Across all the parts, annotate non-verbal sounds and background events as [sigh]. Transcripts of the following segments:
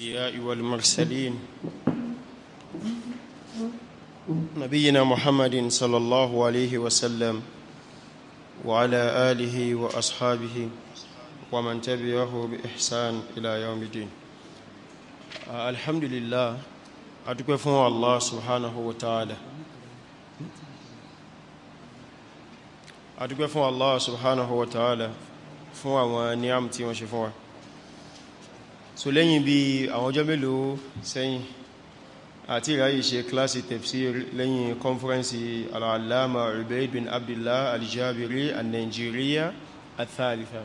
الأنبياء والمرسلين نبينا محمد صلى الله عليه وسلم وعلى آله وأصحابه ومن تبعه بإحسان إلى يوم الدين الحمد لله أتكفون الله سبحانه وتعالى أتكفون الله سبحانه وتعالى فوا ونعمتي وشفوا so lẹ́yìn bí àwọn ọjọ́ mélòó sẹ́yìn àti ìráyè ṣe kíláàsì tafsir lẹ́yìn kọnfúrẹ́nsì al-allama Ubayd bin Abdullah al-Jabiri al-Nigeria al-thalitha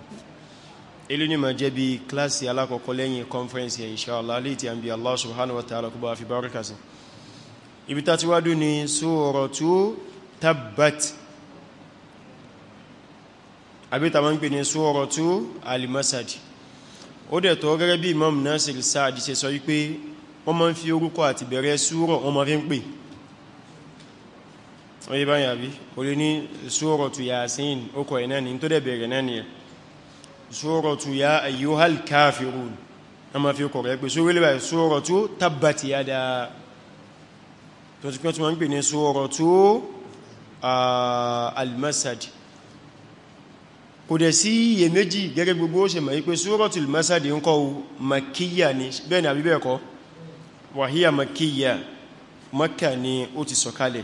ni ma jẹ́ bí kíláàsì alákọ̀ọ́kọ́ lẹ́yìn kọnfúrẹ́nsì inṣáàlá Allah subhanahu wa ta'ala kúbá fi bárakasi ibi ta ti suratu tabbat àbí ta ma ń pè ní suratu al-masad ó dẹ̀ tọ́ gẹ́gẹ́ bí Imam Nasir Saadi ṣe sọ wípé wọ́n máa ń fi orúkọ àti bẹ̀rẹ̀ súrọ̀ wọ́n máa fi ń pè oye báyìí àbí o lè ní Suratu Yasin okọ̀ ẹ̀ náà ni tó dẹ̀ bẹ̀rẹ̀ náà ni ẹ̀ Suratu ya ayyuhal kafirun a máa fi okọ̀ rẹ̀ pé sórí lébà Suratu tabbat yada tó ti pẹ́ tí wọ́n ń kò dẹ̀ sí iye méjì gẹ́gẹ́ gbogbo ó ṣe mọ̀ wípé suratul masadi ń kọ́ makíyà ni bẹ́ẹ̀ni àbí bẹ́ẹ̀ kọ́ wàhíyà makíyà makka ni ó ti sọ̀kalẹ̀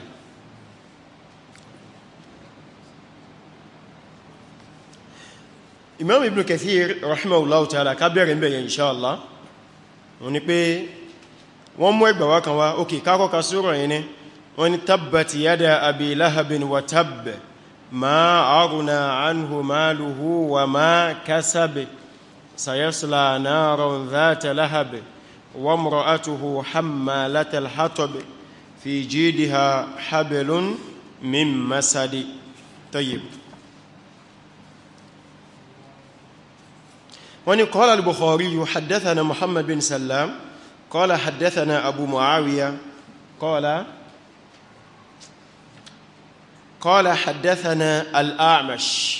imam ibn kathir rahimahullahu ta'ala ká bẹ̀rẹ̀ ń bẹ̀yẹ̀ inṣáàlá wọ́n ní pé wọ́n mú ẹgbàwá kan wá ókè kákọ́ka sórọ̀ yẹn ni wọ́n ni tabbati yada abi lahabin wa tabbati ما أغنى عنه ماله وما كسب سيصلى نارا ذات لهب وامرأته حمالة الحطب في جيدها حبل من مسد طيب وني قال البخاري حدثنا محمد بن سلام قال حدثنا أبو معاوية قال قال حدثنا الأعمش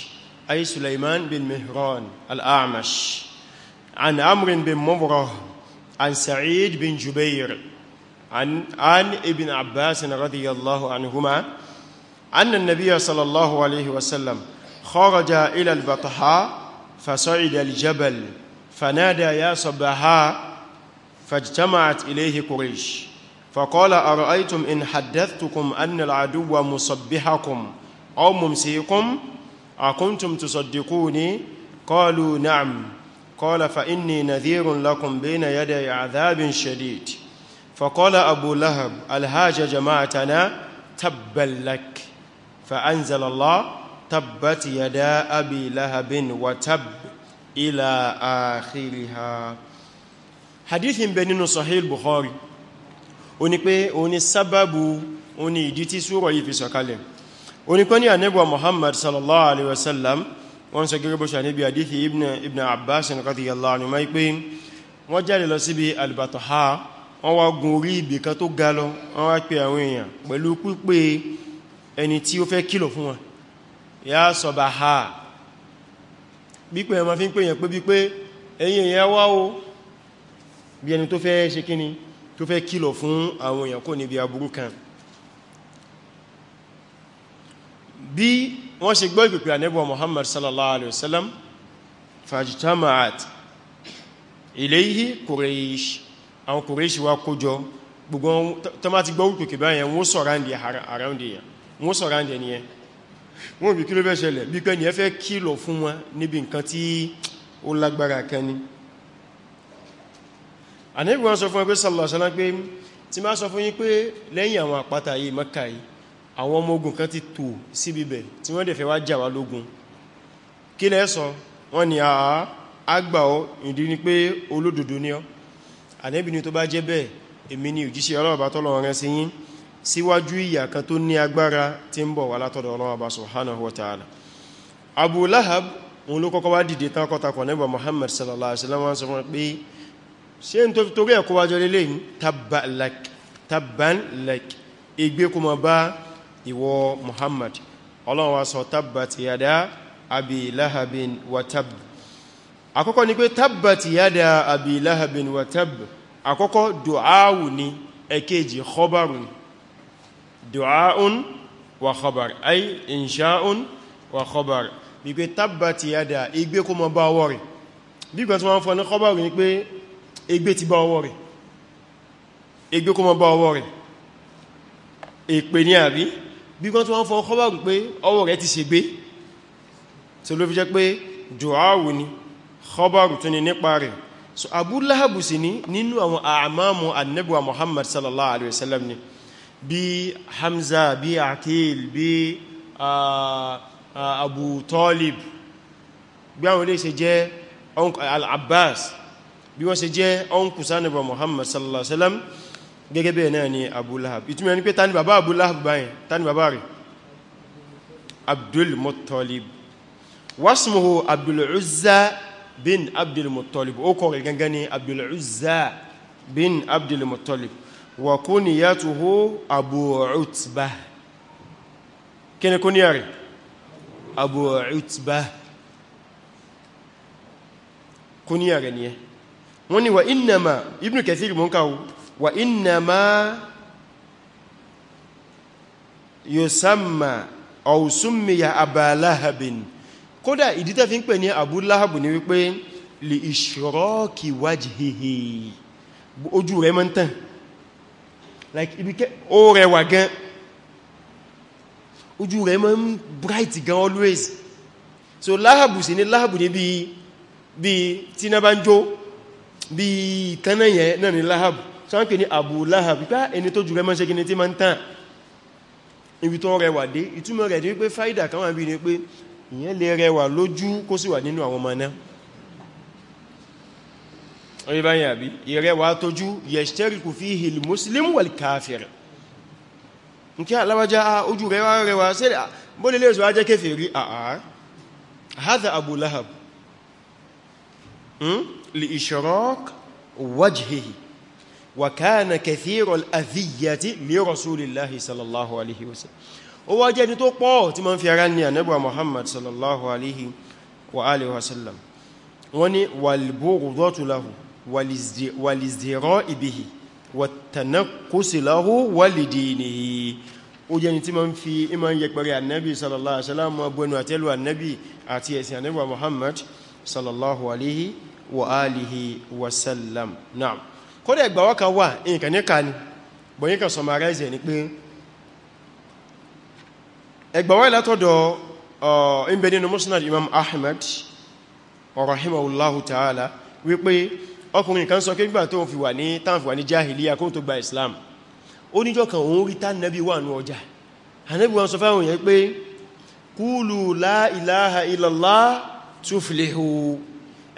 أي سليمان بن مهران الأعمش عن عمر بن مبره عن سعيد بن جبير عن, عن ابن عباس رضي الله عنهما أن النبي صلى الله عليه وسلم خرج إلى البطحاء فصعد الجبل فنادى يا صبحاء فاجتمعت إليه قريش فقال أرأيتم إن حدثتكم أن العدو مصبحكم أو ممسيكم أكنتم تصدقوني قالوا نعم قال فإني نذير لكم بين يدي عذاب شديد فقال أبو لهب الهاج جماعتنا تبا لك فأنزل الله تبت يدا أبي لهب وتب إلى آخرها حديث بنين صحيح البخاري ó ní pé ó ní sábàbù ó ní ìdí tí súrọ̀ yìí fi sọ̀kalẹ̀ ó ní pé ní Muhammad sallallahu alaihi wasallam wọ́n sọ gẹ́gẹ́ bó ṣe ànẹ́bí àdífì ibn Abbas radiyallahu anhu máa pé wọ́n jáde lọ síbi albataha wọ́n wá gun orí ibì kan tó ga lọ wọ́n wá pe àwọn èèyàn pẹ̀lú pípé ẹni tí ó fẹ́ kìlọ̀ fún wọn ya sọ̀bàhà bípé ẹ ma fi ń pè yàn pé bípé ẹ̀yin o bí ẹni tó fẹ́ kìlọ̀ fún àwọn èèyàn kò níbi aburú kan bí wọ́n ṣe gbọ́ ìpèpè ànẹ́bọ̀ Muhammad sallallahu alaihi wasallam fajtama'at ilayhi Quraysh àwọn Quraysh wá kójọ gbogbo tó má ti gbọ́ ìpèpè báyẹn wọ́n sọ̀rándì around èèyàn wọ́n sọ̀rándì ẹni ẹ wọ́n bí kí ló fẹ́ ṣẹlẹ̀ àníbí wọ́n sọ fún ẹgbẹ́ sàlọ̀sánà pé tí máa sọ fún yín pé lẹ́yìn àwọn àpáta yìí Mẹ́kà yìí àwọn ọmọ ogun kan ti tò síbi bẹ̀ tí wọ́n dẹ̀ fẹ́ wá jà wá lógun kí lẹ́ sọ wọ́n ní àá àgbà ìdí ni pé olódodo ni ọ àníbí ni tó bá jẹ́ bẹ́ẹ̀ èmi ni òjíṣẹ́ ọlọ́ọ̀bá tọ́lọ̀ Abu Lahab òun ló kọ́kọ́ wá dìde tán kọ́takọ̀ Muhammad sallallahu alaihi wasallam ṣe n tó fi torí ẹ̀kọ́ wájọ́ lélẹ̀ tabban lak igbe kuma bá ìwọ muhammad ọlọ́run wa sọ tabbat yada abi lahabin wa tab àkọ́kọ́ ni pé tabbat yada abi lahabin wa tab àkọ́kọ́ du'awu ni ẹ̀kejì khabarun du'aun wa khabar ay insha'un wa khabar bí pé tabbat yada igbe kuma bá wọ́rin bí gbọ́n wọ́n fọ́ ní khabarun ni pé ègbé ti bá ọwọ́ rẹ̀ ègbé kó mọ́ bá ọwọ́ rẹ̀ èpè ní àrí bí kan tó wọ́n fọ́ ọkọ́bàrù pé ọwọ́ rẹ̀ ti ṣe gbé tí ló fi jẹ́ pé dùáwù ni ọkọ́bàrù tó ní nípa rẹ̀ so Abu Lahab ní nínú àwọn àmàmù annabuwa Muhammad sallallahu alaihi bí wọ́n ṣe jẹ́ ọ́nkù sánibà Muhammad sallallahu alaihi wasallam gẹ́gẹ́ bẹ́ẹ̀ náà ni Abu Lahab ìtumọ̀ ní pé tani bàbá Abu Lahab báyìí tani bàbá rẹ̀ Abdul Muttalib wasmuhu Abdul Uzza bin Abdul Muttalib ó kọ̀ rẹ̀ gangan ni Abdul Uzza bin Abdul Muttalib wa kunyatuhu Abu Utba kí ni kúníyà rẹ̀ Abu Utba kúníyà rẹ̀ ni yẹn wọ́n ní wà innama ibn kathir mọ́ káwọ́ wà innama yusamma aw summiya aba lahabin kódà ìdítẹ́ fi ń pè ní abu lahab ní wípé li ishraki wajhihi bí tí na bá ń jó bí ìtànà yẹn náà ni Lahab sáńkì ní Abu Lahab pípá ẹni tó jùrẹ mọ́ṣẹ́ gini tí ma ń tàn ibi tó rẹwà dé ìtumọ̀ rẹ̀ ní pé fáìdà kan wà bí ní pé ìyẹn lè rẹwà lójú kó sì wà nínú àwọn ọmọ náà orí báyìí àbí ìrẹwà tójú yashtariku fihi al-muslim wal-kafir nkí alábájá ojú rẹwà rẹwà sílẹ̀ bóde lè sọ ajẹ́ kéfèrí àà hadha Abu Lahab hmm? لإشراق وجهه وكان كثير الأذية لرسول الله صلى الله عليه وسلم هو جاني تو pọ̀ tí man fi ara ni anabi Muhammad sallallahu alaihi wa alihi wasallam wani wal bughdatu lahu wal izdira'i bihi wat tanaqqus lahu wal dinihi ó jẹ́ ni tí ma ń fi ima ń yẹpẹrẹ annabi sallallahu alaihi wasallam ma bọnu àtẹ́lù annabi àti ẹ̀sìn annabi Muhammad sallallahu alaihi wasallam wa alihi wa sallam na'am kódẹ̀ ìgbàwọ́ kan wà nǹkan ní kàní bọ̀yín kan summarize ní pé ẹgbàwọ́ ìlátọ́dọ̀ ìbẹ̀ nínú musnad imam ahmad rahimahullahu ta'ala wípé ọkùnrin kan sọ kégbà tó fi wà ní tánfì wà ní jahiliya kó tó gba islam ó níjọ́ kan òun rí tán nabi wà ní ọjà hanabi wọn sọ fáwọn yẹn pé kúlù la ilaha illallah tuflihu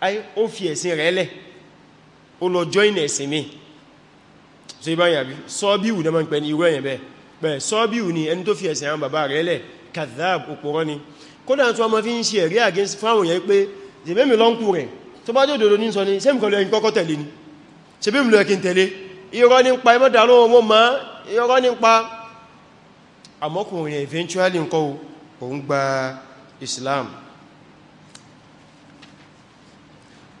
ay ó fi ẹ̀sìn rẹ̀ lẹ̀ ó lọ join ẹ̀sìn mi so ibá yàbí sọ́bíù náà ń pẹ ní irú ẹ̀yẹ̀ bẹ́ẹ̀ bẹ́ẹ̀ sọ́bíù ni ẹni tó fi ẹ̀sìn àwọn bàbá rẹ̀ lẹ̀ kadhab òpòrọ́ ni kódà tó ọmọ fi ń ṣe ẹ̀rí against fáwọn yẹn pé jẹ́mẹ́mì lọ́nkù rẹ̀ tó bá jòdòdó ní sọ ni sẹ́mì kan lọ ẹ̀yìn kọ́kọ́ tẹ̀lé ni ṣe bí mi lọ ẹ̀kìn tẹ̀lé irọ́ ní pa ẹmọ́dà lóhun mọ́ ma irọ́ ní pa àmọ́kùnrin eventually nǹkan òun gba Islam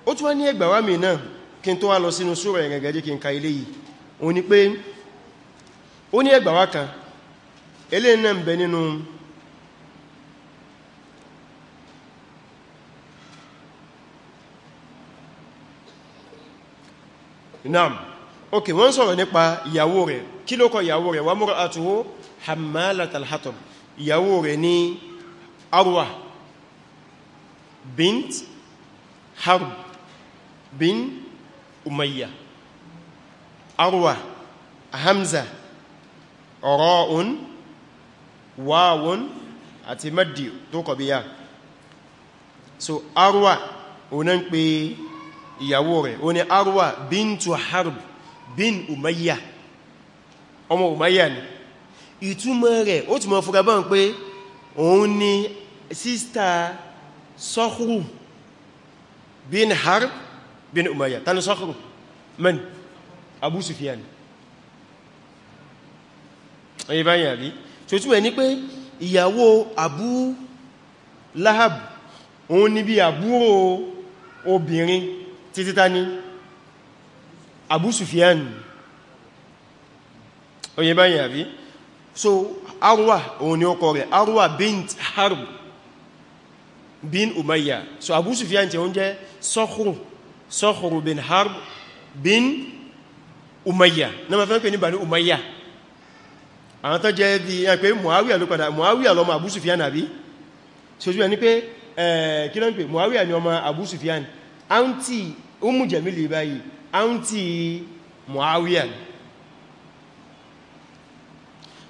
ó tún wá ní ẹgbà wá mi náà kí n tó wá lọ sínú súrà ìrẹ̀gẹ̀jẹ́ kí n ka ilé yìí ó ní pé ó ní ẹgbà kan ilé náà ń bẹ nínú naam ok wọ́n sọ̀rọ̀ nípa ìyàwó rẹ̀ kí ló kọ ìyàwó rẹ̀ wà múrọ̀ àtúwó hammalatal ìyàwó rẹ̀ ní arwa bint harb bin umayya arwa hamza ra'un wawun àti maddi tó kọ̀bíyà so arwa oní ń pè ìyàwó rẹ̀ oní arwa bintu harb bin umayya ọmọ umayya ni ìtumọ̀ rẹ̀ ó túnmọ̀ fúra bọ́n pé òun ni sísta sọ́hùrù bin harb bin umayya tani sakhru man abu sufyan ẹ̀yẹ báyìí àbí tí ó túnmẹ̀ ní pé ìyàwó abu lahab òun ni bí àbúrò obìnrin títí ta abu sufyan ẹ̀yẹ báyìí so arwa oni ni ọkọ arwa bint harb bin umayya so abu sufyan tí onje ń Sokhru bin Harb bin Umayya na ma fẹ́ pè ní Bani Umayya àwọn tó jẹ́ bí i pé Muawiya ló padà Muawiya lọ́mọ Abu Sufyan àbí ṣojú ẹni pé kí ló ń pè Muawiya ni ọmọ Abu áùntì Umu báyìí áùntì Muawiya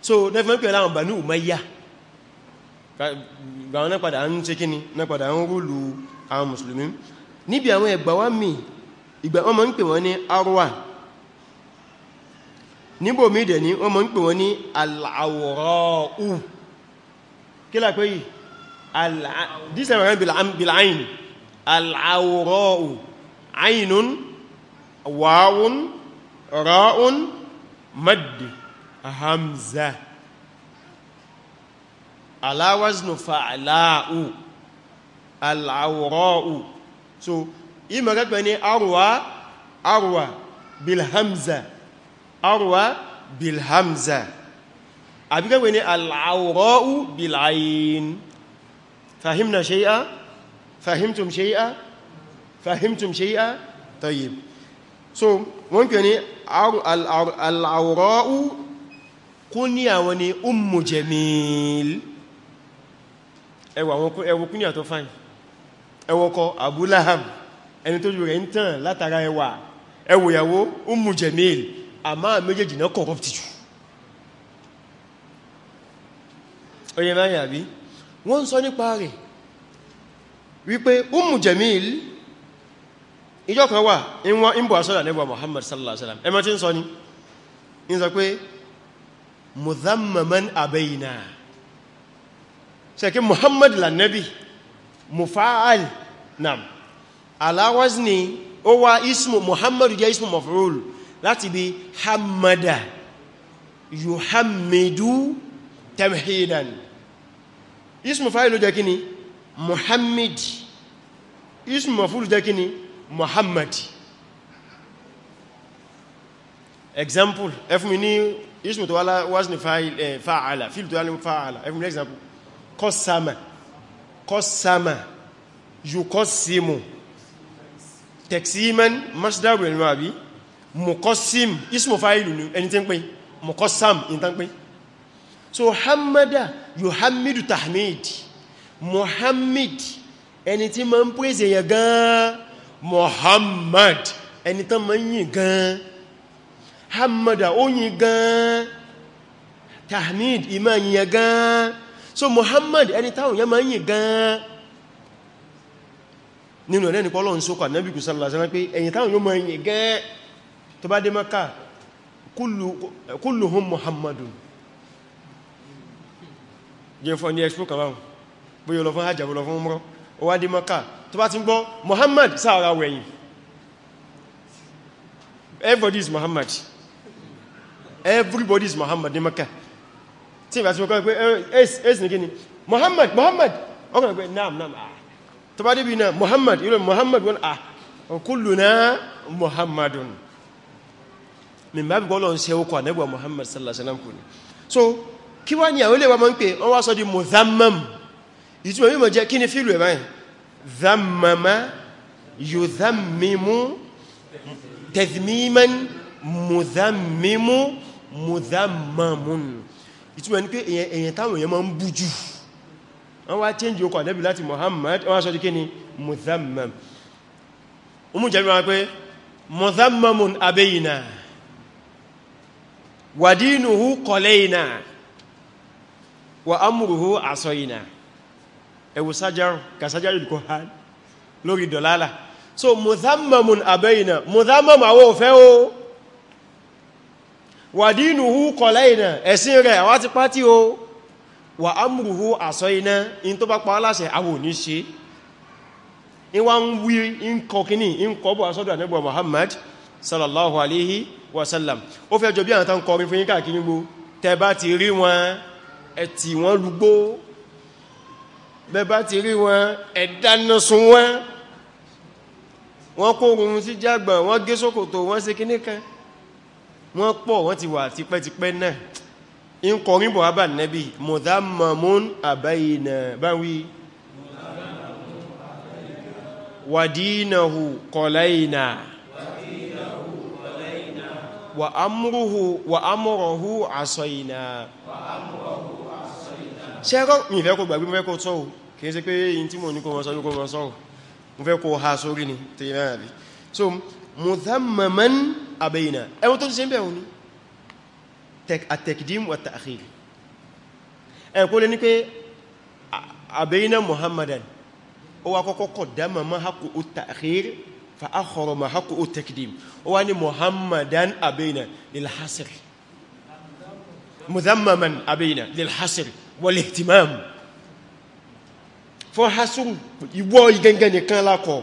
so na fẹ́ pè láwọn Bani Umayya gbàwọn náà padà ń ṣe kíni náà padà ń rúlù àwọn Mùsùlùmí níbi àwọn ẹgbà wá mì ìgbà wọ́n máa ń pè wọ́n ní arwa níbò mí dẹ̀ ní wọ́n máa ń pè wọ́n ní al-awra'u kí lápé yìí dísẹ̀mọ̀rán bil-ayn al-awra'u aynun wawun hamza ala so ìmọ̀ rẹ̀pẹ̀ ní arwa arwa bilhamza arwa bilhamza àbí rẹ̀pẹ̀ ní al'awra'u bil'ayin fahimna shay'a fahimtum shay'a fahimtum shay'a tayyib so wọ́n pè ní al'awra'u kúníyà wọn ni ummu jamil ẹwà wọn ẹwà kúníyà tó fáyìí ẹwọ́kọ́ Abu Lahab ẹni tó rẹ̀ ń tàn látara ẹwà ẹwòyàwó Ummu Jamil àmá méjèèjì náà corrupt jù oye mẹ́rin àbí wọ́n sọ nípa rẹ̀ wípé Ummu Jamil ìjọ wà ìwọ̀n ìbò asọ́dà nígbà Muhammad sallallahu alaihi wasallam ẹmọ́ tí ń sọ ní ń sọ pé mudhammaman abayna mufa'al nam ala wazni ó wá ismu muhammadu jẹ́ ismu maf'ul láti bí hamada yuhammidu tamhidan ismu fa'ilu jẹ́ kíni muhammad ismu maf'ul jẹ́ kíni muhammad example ẹfún mi ní ismu tó wá wazni fa'ala eh, fíl tó wá fa'ala ẹfún mi example qasama kọ́sàmà yukọ́símù tẹ̀ksíman masdaru ẹ̀nu àbí mukọ́sím ismò fáìlù ní ẹni tí ń pín mukọ́sám in tán pín so hamada yohamidu tahmid mohamed ẹni tí ma ń pèsè yẹ gan mohamed ẹni tán ma ń yìn gan hamada ó yìn gan tahmid ìmá yìn gan so Muhammad ẹni táwọn yẹn máa ń yìn gan-an nínú ẹ̀lẹ́ni pọ́lọ̀ ń sókà náà bíkù sallallahu alaihi wasallam pé ẹ̀yìn táwọn yóò máa ń yìn gan-an tó bá dé Mákà kulluhum Muhammadun jẹ́ fọ́ ní expo kàbáhùn bóyọ lọ fún hajjabo lọ fún mọ́rọ́ ó wá dé Mákà tó bá ti everybody is Muhammad everybody is Muhammad ní tí ìbá ti mọ́ kọ́ pé ace eh, eh, eh, ní kíni Muhammad Muhammad ọkùnrin pé naam naam ah tó bá débi náà Muhammad ilẹ̀ Muhammad wọn ah kulluna Muhammadun min bá bí bọ́lọ̀ ń ṣe ókọ̀ anẹ́gbà Muhammad sallallahu alaihi wasallam kò ní so kí wá ní àwọn ilẹ̀wà mọ́ ń pè wọ́n wá sọ di mudhammam ìtumọ̀ mímọ̀ jẹ́ kí ni fílù ẹ̀ báyìí dhammama yudhammimu tadhmiman mudhammimu mudhammamun ìtumọ̀ ní pé èyàn táwọn èyàn máa ń bú jù wọ́n wá change okọ̀ àdẹ́bì láti Muhammad wọ́n sọ jíkẹ́ ni muthammam o mú jẹ́rìí wọn pé muthammamun abeyina wàdínuhu kọlẹ́ina wà amúrùhú àsọyina ẹwù kàsájárì kò hàn lórí dọ̀lálà so muthammamun abeyina muthammam àwọ́ wàdínúhú kọlẹ̀ ìnà ẹ̀sìn rẹ̀ àwa ti pátí o wà ámùrùhú àsọ iná in tó bá pa aláṣẹ àwò ní ṣe in wá ń wí in kọ kíní in kọ bọ̀ asọ́dọ̀ ànẹ́bọ̀ Muhammad sallallahu alaihi wasallam ó fẹ́ jọ bí àwọn tán kọrin fún yín káàkiri gbó tẹ bá ti rí wọn ẹ tì wọ́n lùgbó bẹ bá ti rí wọn ẹ sun wọn wọ́n kó oòrùn sí jágbọ̀n wọ́n gé sókòtò wọ́n ṣe kíní kan wọ́n pọ̀ wọ́n ti wà tipẹ́tipẹ́ náà in kọrin bọ̀ abà nẹ́bí mọ̀dámọ̀mún àbáyìnà báwí wàdínàhù kọláyìnà wà ámúrọ̀hù àsọyìnà ṣẹ́rọ̀ ìfẹ́ kò gbàgbé mẹ́kò tọ́wọ́ kìí ṣe pé in tí mo ní kò wọ́n muthammaman abayna ẹwọ́n tó ti ṣe ń bẹ̀rún ní àtẹ̀kìdím wà ta'khir ẹ̀kọ́ lè ní pé abayna muhammadan ó wá kọ́kọ́ kọ̀ dáma ma haqqu ta'khir fa akhara ma haqqu takdim ó wá ní muhammadan abayna lil muthammaman abayna lil hasr wal ihtimam fún ìwọ́ igẹ́gẹ́ nìkan lákọ̀ọ́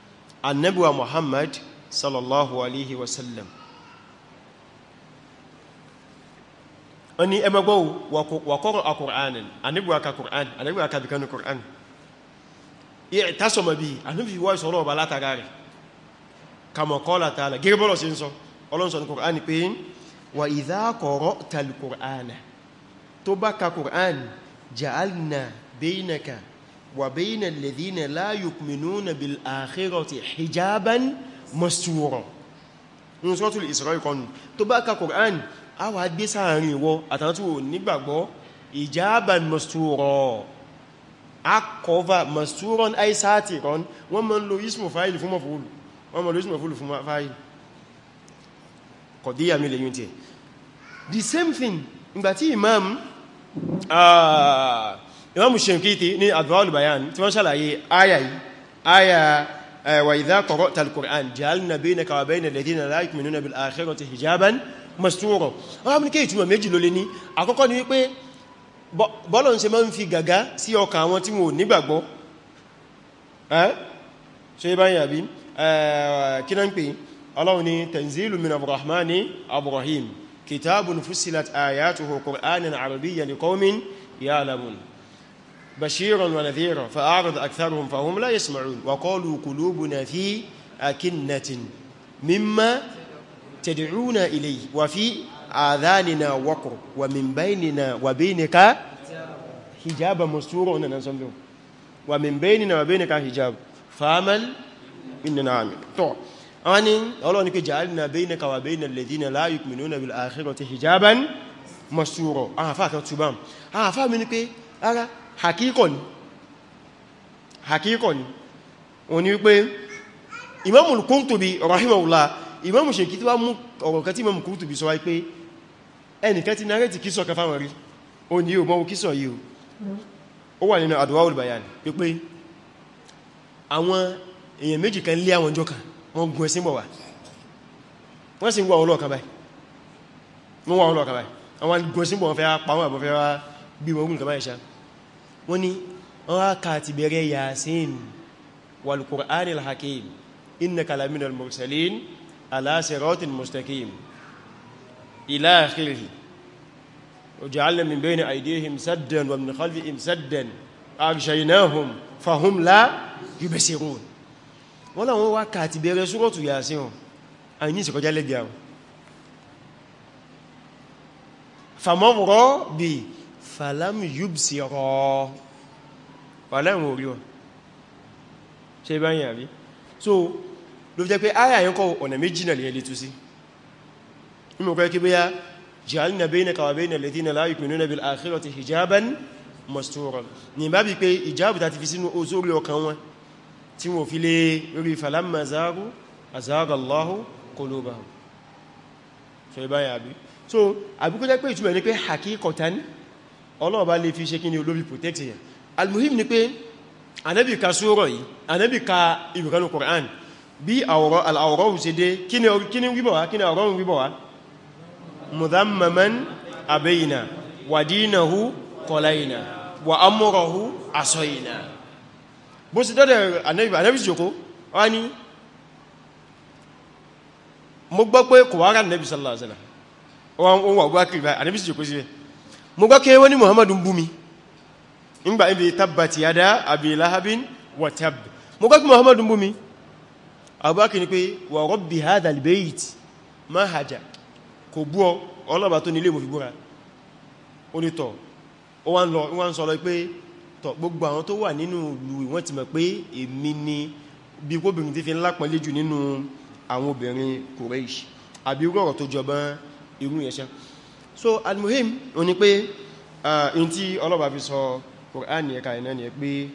annabuwa muhammad sallallahu alaihi wasallam wani ẹmọgbọ́wò wakọ́rọ̀ a ƙùránì annabuwa ka ƙùránì annabuwa ka bikanu ƙùránì iya taso mabi annabi wa sọ̀rọ̀ ba látara rẹ̀ kama kọ́la tààlà gírbọ́lọ̀ sí sọ ọlọ́nsọ ní ƙùránì pé wa ìdá kọ̀rọ̀ tal ƙùránì tó bá ka ƙùránì ja'alna bainaka وبين الذين لا يؤمنون بالآخرة حجابا مستورا ní sọ́tùl Isra ìkọlù tó bá ka Kùránì a wà gbé sáàrin ìwọ àtàtù nígbàgbọ́ hijaban mastúrọ̀ a kọva mastúrọ̀n àìsáàtì rán wọ́n mọ́ lo ismù fáìlì fún mọ̀fúlù wọ́n mọ́ lo ismù the same thing ìgbàtí imam ah imam shankiti ní adwa'ul bayan tí wọ́n ṣàlàyé aya yìí aya wa idha qara'ta al-qur'an ja'alna baynaka wa bayna alladhina la yu'minuna bil akhirati hijaban mastura wọ́n mú kí ìtumọ̀ méjì ló lé ní àkọ́kọ́ ni wípé bọ́lọ̀ ṣe máa ń fi gàgá sí ọkàn àwọn tí wọ́n nígbàgbọ́ ṣe báyìí àbí kí náà ń بشيرا ونذيرا فأعرض أكثرهم فهم لا يسمعون وقالوا قلوبنا في أكنة مما تدعون إليه وفي آذاننا وقر ومن بيننا وبينك حجابا مستورا ومن بيننا وبينك حجاب فامل إننا عامل طبعا أني أولا جعلنا بينك وبين الذين لا يؤمنون بالآخرة حجابا مستورا آه فاكرة سبام آه فاهم hakíkọ̀ ni hakíkọ̀ ni òun ni wípé imamul Qurtubi rahimahullah imamu ṣe kí tí wá mú ọ̀rọ̀ kan tí imamu Qurtubi sọ wáyé pé ẹnìkan ti narẹ́tì kíso kan fáwọn rí o ní o mọ́wọ́ kíso yìí o wà nínú Adwa'ul Bayan pípé àwọn èèyàn méjì kan lé àwọn jọ kan wọ́n gun ẹ̀sìn bọ̀ wá wọ́n sì ń wà ọlọ́ọ̀kan báyìí wọ́n wà ọlọ́ọ̀kan báyìí àwọn gun ẹ̀sìn bọ̀ wọ́n fẹ́ pa wọ́n àbọ̀fẹ́ wá bí wọ́n gùn kan báyìí ṣáà wọ́n ni wọ́n á ka ti bẹ̀rẹ̀ yasin wal qur'anil hakim innaka laminal mursalin ala siratin mustaqim ila akhirih وجعلنا من بين أيديهم سدا ومن خلفهم سدا أغشيناهم فهم لا يبصرون wọ́n láwọn wá ká àti bẹ̀rẹ̀ ṣúrọ̀tù yà sí wọn a ní lẹ́gbẹ̀ẹ́ falam yubsira ọ̀lẹ́rùn orí wọn ṣe bá yìn àbí so ló jẹ́ pé ayà yẹn kọ ọ̀nà méjì náà lè tú sí inú kọ́ kí bí ya ja'alna baynaka wa bayna alladhina la yu'minuna bil akhirati hijaban masturan ní bá bí pé ìjábù lè rí falamma so àbíkú jẹ́ pé ìtumọ̀ ní pé hakikatan Ọlọ́run bá lè fi ṣe kíni olóbi protect yẹn almuhim ni pé Ànábì ka sura yìí Ànábì ka ibukanu Qur'an bí al-awra'u ṣe dé kíni kíni wíbọ̀ wá kíni àwòrán wíbọ̀ wá mudhammaman wa dinahu qalayna wa amrahu asayna bó ṣe dọ́dẹ̀ Ànábì Ànábì jòkó wá ní mo gbọ́ pé kò wá rà mo gbọ́ kí wọ́n ní muhammadu bú mi nígbà ibi tabbati yada abi lahabin wa tab mo gbọ́ kí ni pé wa rabbi hadha albayt ma haja kò bú ọ ọlọ́ba tó nílé mo fi búra ó ní tọ̀ ó wá ń lọ ó wá ń sọ lọ pé tọ̀ gbogbo àwọn tó wà nínú ìlú ìwọ́n ti mọ̀ pé èmi ni bí kóbìnrin ti fi ńlá pọ̀ léjù nínú àwọn obìnrin Quraysh àbí rọ̀rọ̀ tó jọba irú yẹn so almuhim ó ní pé in tí ọlọ́bà fi sọ Qur'an ní ẹka iná ni pé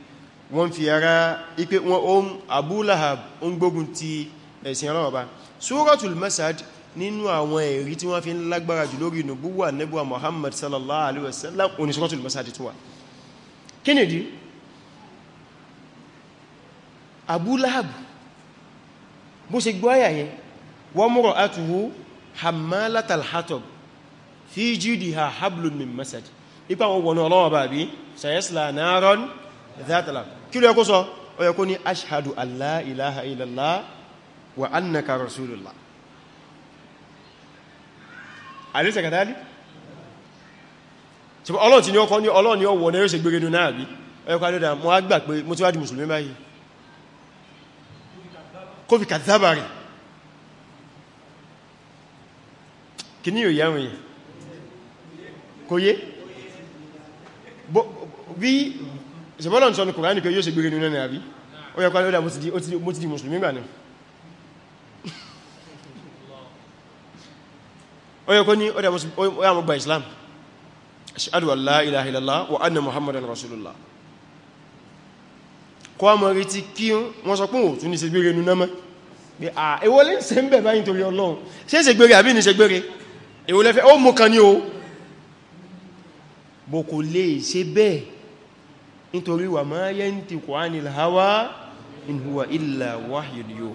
wọ́n fi ara ipé wọn ohun Abu Lahab ń gbógun ti ẹ̀sìn ọlọ́ọ̀bá Suratul Masad nínú àwọn ẹ̀rí tí wọ́n fi ń lágbára jù lórí nubuwa nebuwa Muhammad sallallahu alaihi wasallam ó ní Suratul Abu Lahab bó ṣe gbọ́ àyà yẹn wa mura'atuhu fi jidiha hablun min masad ipa wọn wọnú ọlọ́wọ́ bá bí sayasla naron zatala kí ló yẹ kó sọ ó yẹ kó ní ashadu alla ilaha illallah wa annaka rasulullah alisa kadali tí ọlọ́n ti ní ọkọ́ ní ọlọ́n ni ó wọ̀n ẹ̀rẹ́sẹ̀ gbẹ̀rẹ̀dùn náà bí ó yẹ kó adọ́dà mọ́ á gbà pé mo ti wá di mùsùlùmí báyìí kó fi kàzábàrì kí ní òyàwó kò yé bí ṣẹ̀bọ́lọ̀ sọ́nù kòránì pé yóò ṣe gbére nínú ẹ̀rẹ́ àbí ó yẹ kọ́lọ́dà mo ti di mùsùlùmí gbà náà ó yẹ kọ́ ní ọdá mọ́ gba Islam ashhadu an la wa anna Muhammadan rasulullah kọ́ mọ̀ rí ti kí wọ́n sọ pún òtún ní ṣe gbére nínú náà pé à ewọ́lẹ́ ń ṣe ń bẹ̀ báyìí torí Ọlọ́run ṣe ń ṣe gbére àbí ní ṣe gbére ewọ́lẹ́fẹ́ ó mú kan ní o bó kò lè ṣe bẹ́ẹ̀ nítorí wà máa yẹ́ ń ti kòrán ní ìlàháwá in huwa illa wahyun yuha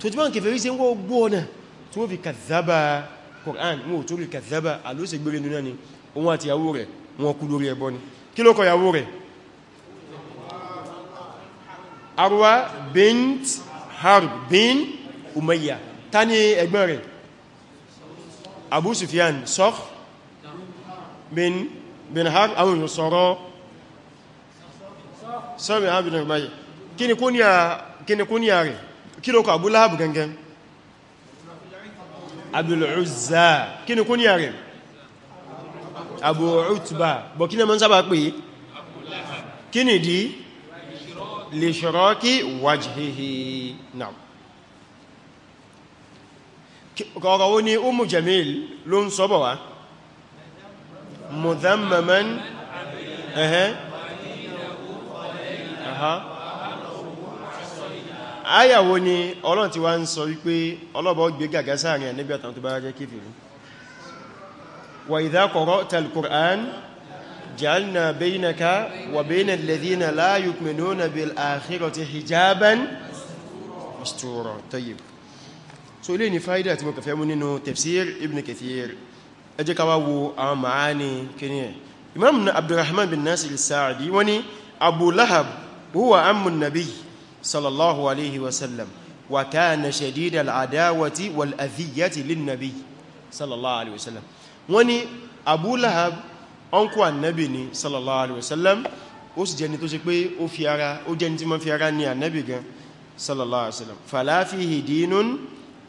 tó tí wọ́n kèfèrí sí wọ́n gbọ́ ọ̀nà tí wọ́n fi kàzába kòrán wọ́n tó rí kàzába alóòsè gbére nínú ni òun àti ìyàwó rẹ̀ wọ́n kú lórí ẹbọ ni kí ló kọ ìyàwó rẹ̀ Arwa bint Harb bin Umayya ta ni ẹgbẹ́ rẹ̀ Abu Sufyan Sakh bin bin har àwọn èèyàn sọ̀rọ̀ sọ́rọ̀ àbìnà ìmáyì kí ni kó ní ààrẹ kí ló kọ Abu Lahab gangan Abul Uzza kí ni kó ní ààrẹ Abu Utba bọ̀ kí ni mọ́ sábà pé kí ni dí kọ̀ọ̀kọ̀ wo ni Ummu Jamil ló ń sọ́bọ̀ wá mudhammaman ẹ̀hẹ́ ayàwó ni ọlọ́n ti wá ń sọ wípé ọlọ́bọ̀ gbé gàgá sáàrin Ànábì àtàwọn tó bá jẹ́ kéfèrí wa idha qara'ta al-Qur'an ja'alna baynaka wa bayna alladhina la yu'minuna bil akhirati hijaban mastura tayyib so ilé ni fáídà tí mo kàfẹ́ mú nínú tafsir Ibn Kathir ẹ jẹ́ ká wá wo àwọn ma'ani kíní ẹ̀ imam na abdurrahman bin nasir sa'adi wani abu lahab huwa ammun nabi sallallahu alaihi wasallam wa kana shadid al'adawati wal adhiyati lin nabi sallallahu alaihi wasallam wani abu lahab ọkọ̀ annabi ni sallallahu alaihi wasallam ó sì jẹni tó ṣe pé ó fi ara ó jẹni tí ma fi ara ní annabi gan sallallahu alaihi wasallam fala fihi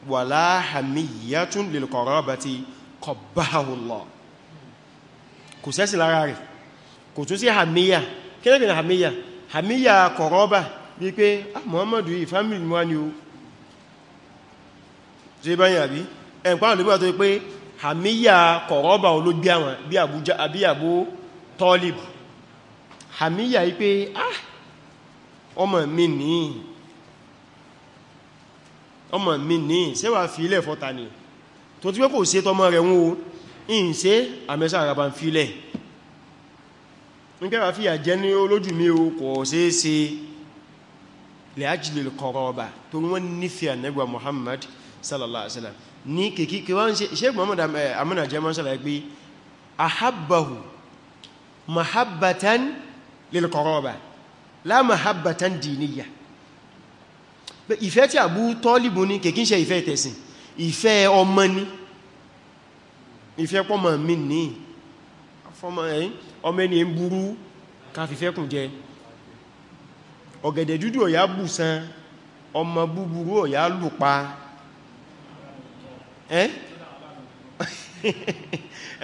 wala hamiyyatun lil qarabati kọbáhàwòlọ́ kò sẹ́sì lára rẹ̀ kò tún sí hàmíyà kílẹ̀kì ní hàmíyà hàmíyà kọ̀rọ̀ọ́bà bí pé ah Muhammadu yìí family mọ́ ni o tí bá yà bí ẹ̀pá olùgbà tó pé hàmíyà kọ̀rọ̀ọ́bà olóògbé àwọn bí Àbújá àbí Àbú Tọ́lìbù hàmíyà yìí pé ah ọmọ mi ní ọmọ mi ní ṣé fi ilẹ̀ fọ́ta ni tó ti pé kò ṣe tọmọ rẹ̀ wọ́n in ṣe àmẹ́sà àràbà ń filẹ̀ nígbẹ́ra fíyà jẹ́ ní olójú mi o kò ṣe é ṣe lẹ́ájìlẹ̀ kọ̀rọ̀ ọba tó wọ́n nífẹ́ ànẹ́gbà Muhammad sallallahu alaihi wasallam ní kèkí wọ́n ṣe Muhammad amúnà eh, ìfẹ́ tí Abu Talib ní kèkí ṣe ìfẹ́ tẹ̀sìn ìfẹ́ ọmọ ní ìfẹ́ pọ́mọ̀ mi ní ọmọ ẹ̀yìn ọmọ ẹni ń burú káfífẹ́kùn jẹ ọ̀gẹ̀dẹ̀ dúdú ọ̀yá bùsán ọmọ búburú ọ̀yá lùpa [laughs]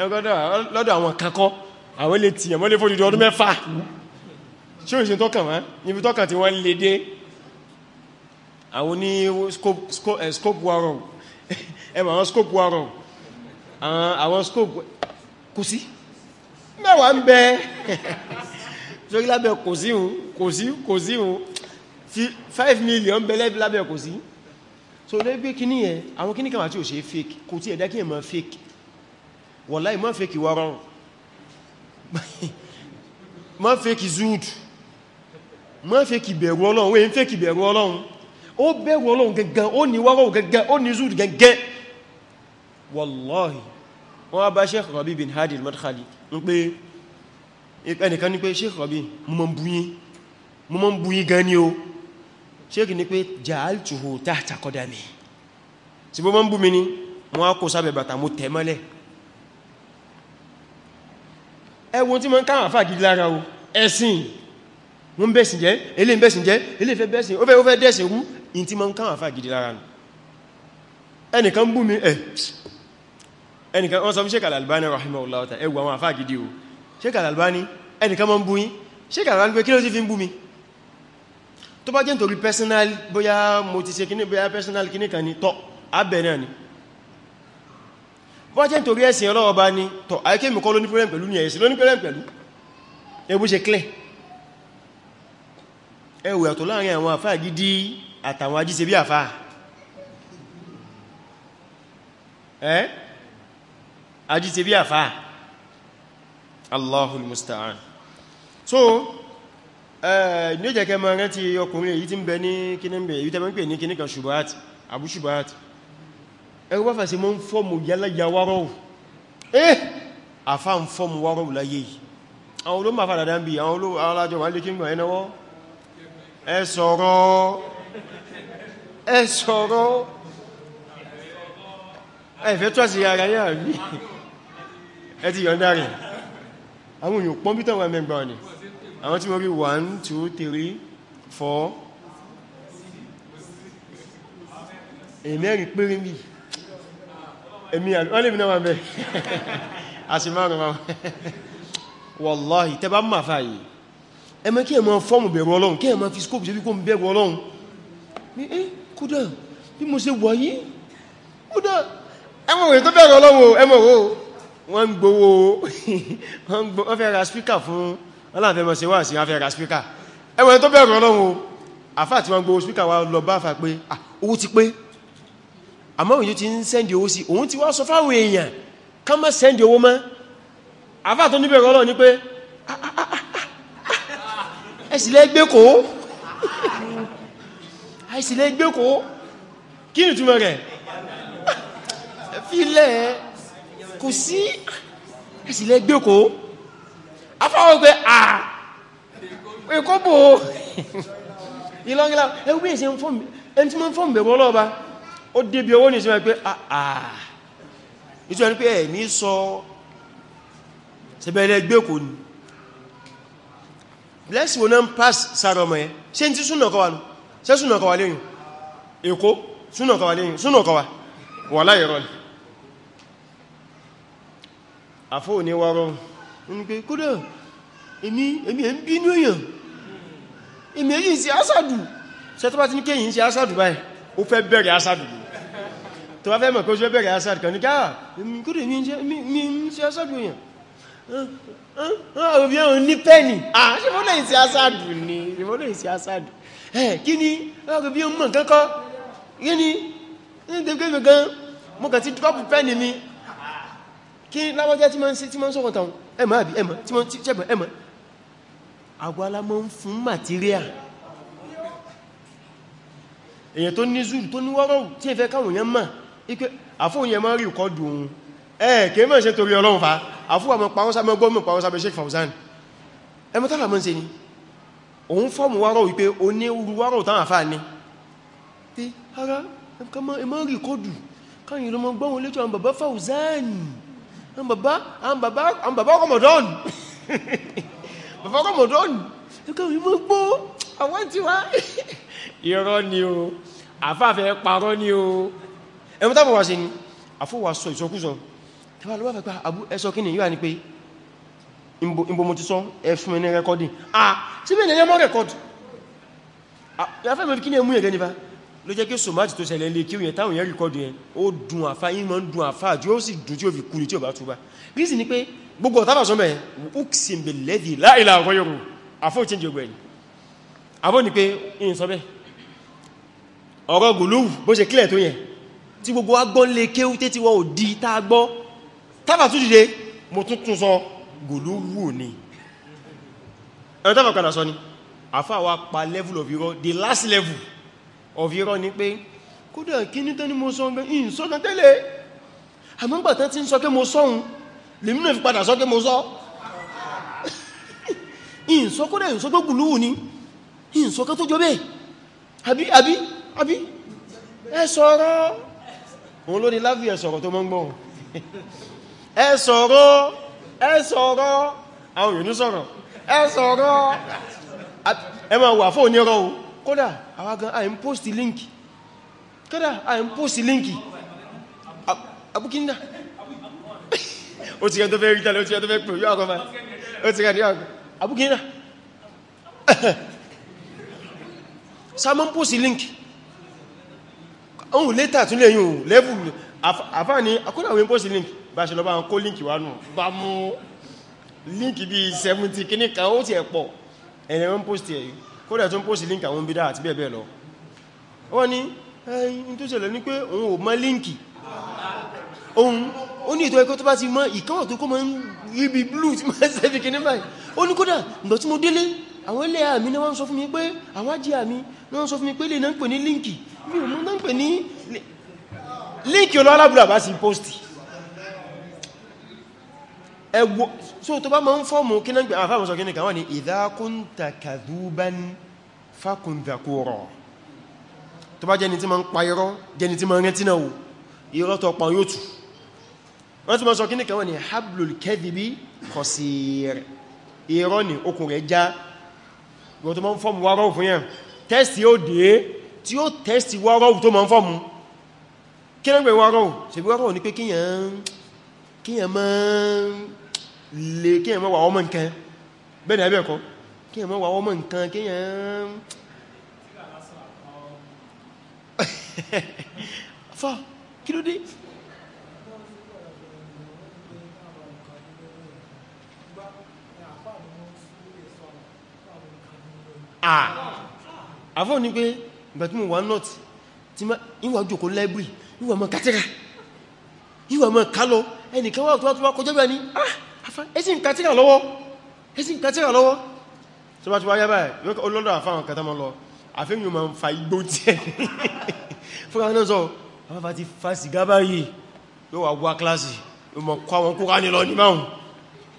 lọ́dọ̀ àwọn kankọ́ àwọn lè tìyàn mọ́lé fún ìdí ọdún mẹ́fà ṣí òṣìṣẹ́ tọ́kàn wọ́n níbi tọ́kàn tí wọ́n lè dé àwọn ní scope warrow [laughs] ẹmọ àwọn scope wa rọrùn àwọn scope kò sí mẹ́wàá ń bẹ [laughs] sórí lábẹ́ kò sí hùn kò sí kò sí hùn 5 million bẹ̀lẹ́ lábẹ́ kò sí so lé gbé kí ní ẹ àwọn kíníkà àti ò ṣe fake kò tí ẹ̀dá kí ẹ mọ́ fake wallahi mọ́ fake wà rọrùn [laughs] mọ́ fake zood mọ́ fake ìbẹ̀rù ọlọ́run wé ń fake ìbẹ̀rù ọlọ́run ó bẹ̀rù ọlọ́run gẹ̀gẹ̀ ó ní wárọ̀ gẹ̀gẹ̀ ó ní zúd gẹ̀gẹ̀ wallahi wọ́n bá Sheikh Rabi bin Hadi al-Madkhali ń pé ẹnìkan ní pé Sheikh Rabi mo mọ́ ń búyí gan ni o Sheikh ní pé ja'altuhu tahta qadami tí bó mọ́ ń bú mi ní wọ́n kó sábẹ̀ bàtà mo tẹ̀ mọ́lẹ̀ ẹwọ́n tí ẹ̀sìn wọ́n bẹ̀sìn jẹ́ ilé bẹ̀sìn jẹ́ ilé ìfẹ́ bẹ̀sìn ó fẹ́ dẹ̀sìn rú in ti ma ń káwà fà gidi lára nù ẹnìkan bú mi ẹ̀ eh, ẹnìkan wọ́n sọ fún Sheikh Al-Albani rahimahullahu ta'ala ẹgbà wọn àfà gidi o Sheikh Al-Albani ẹnìkan ma ń bú yín Sheikh Al-Albani pé kí ló ti fi ń bú mi tó bá jẹ́ nítorí personal bóyá mo ti ṣe kíní bóyá personal kíní kan ni tọ́ abẹ náà ni bóyá jẹ́ nítorí ẹ̀sìn ọlọ́wọ́ bá ní tọ́ àyíké mi kọ́ ló ní pẹ́rẹ́ pẹ̀lú ní ẹ̀sìn ló pẹ́rẹ́ pẹ̀lú ẹbú ṣe clear ẹwẹ̀ àtọ̀ láàrin àwọn àfáà gidi àtàwọn ajíse bí àfáà ẹ́ ajíse bí àfáà Allahul musta'an so ní ó jẹ́ kẹ́ mọ́ rántí ọkùnrin èyí tí ń bẹ ní kínúmbẹ̀ èyí tẹ́mọ́ ń pè ní kíníkan ṣubuhat Abu Shubuhat ẹgbẹ́ wáfà sí mọ́ ń fọ́mù yálàyà wárọ̀wù eh àfá ń fọ́mù wárọ̀wù láyé yìí àwọn olóòmà fàdàdà ń bí àwọn olóòmà alájọ wà lè kí ń gbà ẹnawọ́ ẹ ẹ sọ̀rọ̀ ẹ̀fẹ́ tó àti ara yà rí ẹ ti yọ̀ndà rẹ̀ àwọn èèyàn pọ́n bí tàwọn mẹ́gbà ọ̀nì àwọn tí wọ́n rí 1 2 3 4 èmẹ́rin péré mi èmi àlúwọ́lẹ́mì náà wà bẹ́ [laughs] a sì márùn ún wàláhì tẹ́bá mọ́ àfáyì ẹmẹ́ kí ẹ máa fọ́ọ̀mù bẹ̀rù Ọlọ́run kí ẹ máa fi scope jẹ́ bí kó ń bẹ̀rù Ọlọ́run kódà bí mo ṣe wà yìí kódà ẹmọ òwe tó bẹ̀rẹ̀ ọlọ́wọ́ ẹmọ òwò wọ́n ń gbowó wọ́n fẹ́ ra spíkà fún aláàfẹ́mọ̀ sí wà sí wọ́n fẹ́ ra spíkà ẹmọ tó bẹ̀rẹ̀ ọlọ́wọ́ àfà tí wọ́n gbowó spíkà wá lọ bá fà pé ti pé àìsì lè gbé kó kí ni túnmọ̀ rẹ̀ fílẹ̀ kò sí àìsì lè gbé kó afáwọ́ pé à èkó bò ó ìlọ́gílá ẹgbẹ́ ìṣẹ́ ẹni tí mọ́ fọ́n bẹ̀rọ ọlọ́ọ̀bá ó débi owó ní ìṣẹ́ pé àà ìṣẹ́ ẹni pé ẹ̀ ní sọ sẹ́bẹ̀ẹ́lẹ́ gbé ní bless will not pass sára ọmọ ẹ ṣe ń tí súnà kọwàá ṣe súnà kọwà lẹ́yìn èkó súnà kọwà lẹ́yìn súnà kọwà wà láìrọ ni àfó ní wọ́rọ̀ nígbé kódà èmi èmi ń bí ní èyàn èmi èyí sí asádù ṣe tó bá ti ní kéyìn sí asádù báyìí ó fẹ́ bẹ̀rẹ̀ asádù tó bá fẹ́ mọ̀ kó ṣe bẹ̀rẹ̀ asádù kan ní káà ah, èmi kódà èmi ń sí asádù èyàn àwọn òbí ẹ̀hùn ní pẹ́ni àṣẹ́fọ́lẹ̀ ìsí asádù ni ìṣẹ́fọ́lẹ̀ ìsí asádù ẹ̀ kí ni ọ̀rọ̀ bí o mọ̀ kankọ́ yí ni ní tẹ́gbẹ́ gan mọ́ kà tí drop pen mi kí lábọ́já tí ma ń ṣe tí ma ń sọ́kọ̀tàun ẹmọ̀ àbí ẹmọ̀ tí ma ń tẹ́bọ̀ ẹmọ̀ àgbàlá mọ́ ń fún material èyàn tó ní zuru tó ní wọ́rọ̀ tí ẹ fẹ́ káwọn yẹn mọ̀ ipé àfóhun yẹn máa rí ọkọ̀ dùn ẹ̀ kìí mọ̀ ṣe torí ọlọ́run fa àfúwà mọ̀ pàwọ́sá mọ́ gbọ́mọ̀ pàwọ́sá bẹ́ Sheikh Fauzan ẹmọ́ tààrà mọ́ ń ṣe ni òun fọ́ọ̀mù wárọ̀ wípé o ní orú wárọ̀ táwọn àfáà ní pé ara ẹmọ́ rí kódù káyìn ló mọ́ gbọ́hun létò àwọn bàbá Fawzani àwọn bàbá Ramadan [laughs] bàbá Ramadan ẹkọ̀wé mọ́ gbọ́ àwọn tí wá [laughs] irọ́ ni o àfáàfẹ́ parọ́ ni o ẹmọ́ táwọn wá sí ni àfọwà sọ ìbò mo ti sọ ẹ̀fún ẹni rẹ́kọ́dì ah tí bẹ́ẹ̀ lẹ́yẹ mọ́ rẹ́kọ́dì afẹ́ mẹ́fí kí ní ẹmú ẹ̀rẹ́ nífà ló jẹ́ kí sọmáàtì tó ṣẹlẹ̀ lè kí òyìn táwọn yẹn rẹ́kọ́dì yẹn ó dùn àfá yìí mọ́ ń dùn àfá àjú ó sì dùn tí ó fi kú change ogbẹ̀yìn àbọ́ ni pé ìyìn sọ bẹ́ ọ̀rọ̀ gòlówù bó ṣe kílẹ̀ tó yẹn tí gbogbo agbọ́n di tá a gbọ́ tábà tún mo tún sọ gòlúwò ni ẹ̀rọ tẹ́fà padà sọ ni àfá wa pa level of euro. the last level of euro ni pé kódà kí ní tẹ́ ni mo sọ ọgbẹ́ in sọ́nà tẹ́lẹ̀ àmọ́gbàtẹ́ tí ń sọ pé mo sọ́hun lèmi náà fi padà sọ pé mo sọ in sọ kódà in sọ pé gùlúwù ni in sọ ká tó jọ bẹ́ẹ̀ àbí àbí àbí ẹ sọ̀rọ̀ òun ló ní láfíẹ̀ sọ̀rọ̀ tó mọ́ ń gbọ́ ẹ sọ̀rọ̀ ẹ sọ̀rọ̀ àwọn òyìnbó sọ̀rọ̀ ẹ sọ̀rọ̀ ẹ máa wà fóò nírọ̀ o kódà àwọn gan àìm post link kódà àìm post link abúkínà ó [laughs] ti rẹ̀ tó fẹ́ rí tẹ́lẹ̀ ó ti rẹ̀ tó fẹ́ pè yóò àkọ́ [laughs] máa ó ti rẹ̀ ní àkọ́ abúkínà link ohun létà tún lẹ́yìn ohun lẹ́bù àfáà ní akọ́dàwé post link bá ṣe lọ bá wọn kó líǹkì wá nù bá mú líǹkì bí 70 kíní kan ó ti ẹ̀pọ̀ ẹ̀rẹ̀ wọ́n post ẹ̀ kódà tó ń post líǹkì àwọn bídá àti bẹ́ẹ̀ bẹ́ẹ̀ lọ wọ́n ni ẹ̀yìn tó ṣẹlẹ̀ ní pé òun ò mọ̀ líǹkì òun ó ní ètò ẹ̀kọ́ tó bá ti mọ̀ ìkọ́wọ̀ tó kó mọ́ ibi blue tí máa [laughs] ṣe fi kíní báyìí ó ní kódà ìgbà tí mo délé àwọn ilé àmì ní wọ́n sọ fún mi pé àwọn ajé àmì ní wọ́n sọ fún mi pé lè náà ń pè ní líǹkì mi ò mọ̀ náà ẹgbò so tó bá ma ń fọ́mù kí náà àfáàmù sọ kí ní kàwọn ni idha kunta kadhuban fakun dhakura tó bá jẹni tí ma ń pa irọ́ jẹni tí ma ń rẹtí náà irọ́ tó pa yóò tù wọ́n tí ma sọ kí ní kàwọn ni hablul kadhibi qasir irọ́ ni okùn rẹ̀ já wọ́n tó ma ń fọ́mù wárọ́ fún kíyàn máa lè kí èyàn mọ́ wà ọmọ nǹkan bẹ́ẹ̀ ni ẹbẹ́ ẹ̀kọ́ kí èyàn mọ́ wà ọmọ nǹkan kí èyàn [laughs] fà kí ló dé àfọ́ ní pé ìgbàtí mo wà north tí ma ìwà jòkó library ìwà mọ̀ kátẹ́rà ìwà mọ̀ kálọ ẹnìkan wà tó wá kọjọ́ bẹ̀ ní ah ẹsì nǹkan tí ràn lọ́wọ́ ẹsì nǹkan tí ràn lọ́wọ́ tó bá ti wáyé báyìí olóòdó àfáwọn kẹta mọ́ lọ àfihàn ma ń fa igbó tí ẹ̀ fún àwọn náà sọ àwọn bá ti fa sìgá báyìí yóò wà wá kíláàsì yóò mọ̀ kọ́ àwọn Kùránì lọ ní báhùn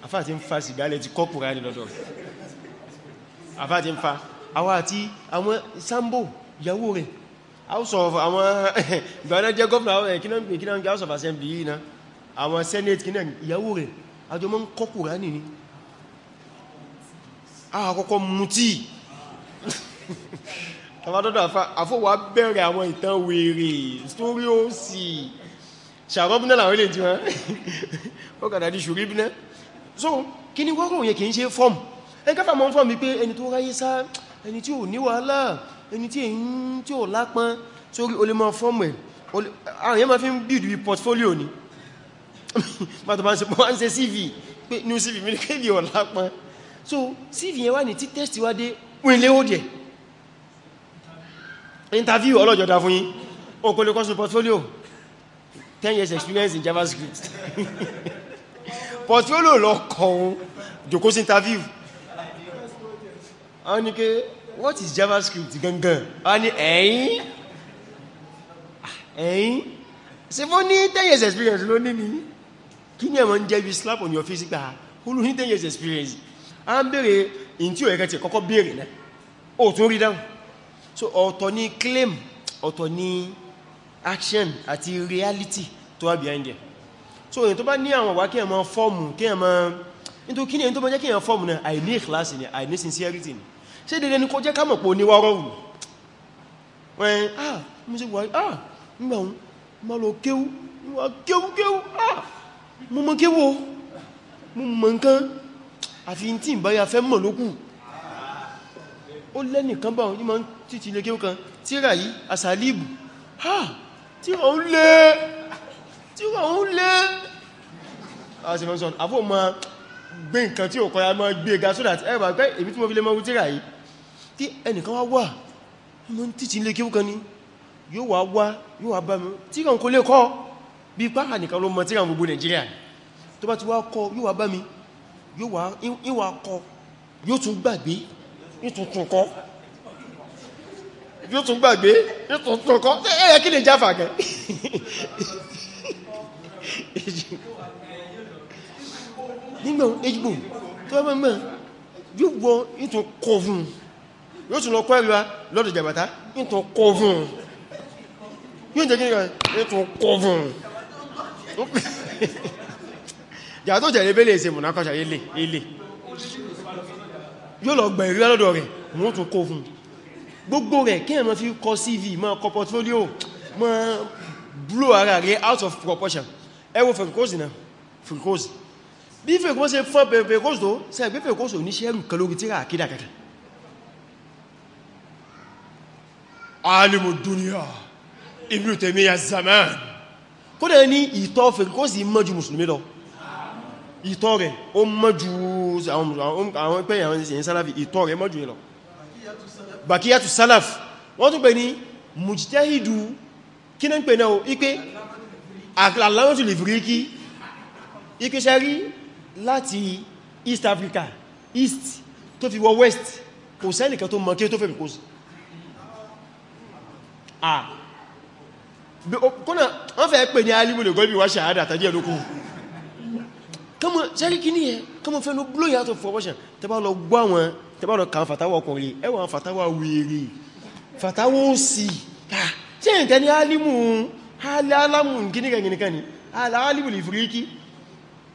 àfáà ń fa sìgá lẹ́ ti kọ́ Kùránì lọ́dọ̀ àfáà ti ń fa àwọn àti àwọn sambo ìyàwó rẹ̀ house of àwọn [laughs] ìgbà náà jẹ́ gọ́ọ̀nà kínáà ń gbé kínáà ń gbé house of assembly yìí náà àwọn senate kínáà ìyàwó rẹ̀ àjọ mọ́ ń kọ́ Kùránì ni àkọ́kọ́ mutí tàbátọ́dọ̀ àfọwà bẹ̀rẹ̀ àwọn ìtàn wèrè sórí ó sì ṣàrọ́bìnà làwọn ilé tí wọ́n ó kàdà di ṣùríbìnà so kí ni wọ́rùn yẹ kì í ṣe fọ́m ẹ káfà mọ́ fọ́m wípé ẹni tó ráyé sá ẹni tí ò ní wàhálà ẹni tí èyí tí ò lápọn sórí olè mọ́ fọ́m ẹ̀ àwọn yẹn ma fi ń bìdì portfolio ni [coughs] mọ́tàbá ń ṣe cv pé new cv test wá dé wílé ó dẹ̀ interview ọlọ́jọ́dá fún yín o kò lè portfolio 10 years experience in javascript [laughs] portfolio lọ kọ̀ọ̀un jòkó sí interview a ní ké what is javascript gangan a ní ẹ̀yìn ah, ẹ̀yìn ṣe fún ní 10 years experience ló ní ní kí ní ẹ̀mọ̀ ń jẹ́ bí slap on your face gbà ah, olú ní 10 years experience a ń bèèrè in tí ó ẹ̀kẹ́ tí kọ́kọ́ bèèrè náà ó tún rí dáhùn so ọ̀tọ̀ ni claim ọ̀tọ̀ ni action àti reality tó wà behind it so èyàn tó bá ní àwọn wá kí ẹ̀mọ̀ fọ́ọ̀mù kí ẹ̀mọ̀ nítorí kí ní ẹ̀yìn tó bá jẹ́ kí ẹ̀yàn fọ́ọ̀mù náà àìní ìkìláàsì ni àìní sincerity ni ṣé dédé ni kó jẹ́ kámọ̀ pò ní wọ́rọ̀ wù wọ́n ah mo ṣe wà ah nígbà wọn mo lọ kéwú kéwú kéwú ah mo mọ̀ kéwò mo mọ̀ nǹkan àfi tí ń báyà fẹ́ mọ̀ lókù ó lẹ́nìkan bá wọn ní ma ń títí ilé kéwò kan tíra yìí asàlìbù ha tíra ń lé tíra ń lé asìmọ̀sán àfọ́ ma gbé nǹkan tí ò kọ́ ya ma gbé ga so that ẹgbà pé èmi tí mo fi lè mọ́ tíra yìí tí ẹnìkan wá wà ni yóò wá wá yóò wá bá mi tíra bí pàhà nìkan ló mọ̀ tí àwọn gbogbo Nigeria tó bá ti wá kọ yóò wá bá mi yóò wá kọ yóò tún gbàgbé yóò tún tún kọ yóò tún gbàgbé yóò tún tún kọ ẹ̀yẹ kí lè jáfà kẹ nígbà ejìgbò tó bá mọ̀ yóò wọ ìtún kọ fún yóò tún lọ kọ ẹ̀rọ lọ́dọ̀ jàbàtá ìtún kọ fún yóò jẹ́ kí ìtún kọ fún jà [laughs] tó jẹ̀lé bẹ́lẹ̀ ìṣe mùnákọ́ṣà ilé ilé yóò lọ gbẹ̀rí lọ́dọ̀ rẹ̀ wọ́n tún kó fún gbogbo rẹ̀ kí ẹ̀mọ́ fi kọ CV ma kọ portfolio ma blow ara rẹ̀ out of proportion ẹwọ fẹ̀kọ́sì náà fẹ̀kọ́sì bí fẹ̀kọ́sì fún fẹ̀kọ́sì tó sẹ́gbẹ́ fẹ̀kọ́sì oníṣẹ́rù kalori tíra àkídà kẹta alimu duniya ibn taymiya zaman kódẹ̀ ní ìtọ́ fèrèkósì mọ́jú mùsùlùmí lọ ìtọ́ rẹ̀ ó mọ́jú àwọn pẹ́ àwọn ìsẹ̀yìn sálàfì ìtọ́ rẹ̀ mọ́jú lọ bàkíyàtù sálàf wọ́n tún pè ní mùjítẹ́hìdù kí ní pè náà ipé àkàlàmọ́tù lè fìrí kí ipé sẹ́rí láti East Africa East tó fi wọ West kò sẹ́nìkan tó mọ̀ kí tó fèrèkósì ah kọ́nà wọ́n fẹ́ pè ní alìmúlè gọ́lbí wá ṣàádà tàbí ẹ̀lókún kọmọ sẹ́ríkì ní ẹ kọmọ fẹ́ ló blow out of proportion tẹbá lọ gbọ́ àwọn tẹbá lọ kàn fàtàwà ọkùnrin ẹwà fàtàwà wèrè fàtàwà òsì ṣe ǹkan ní alìmù alámù gínìkà ní alìmù ìfìríkì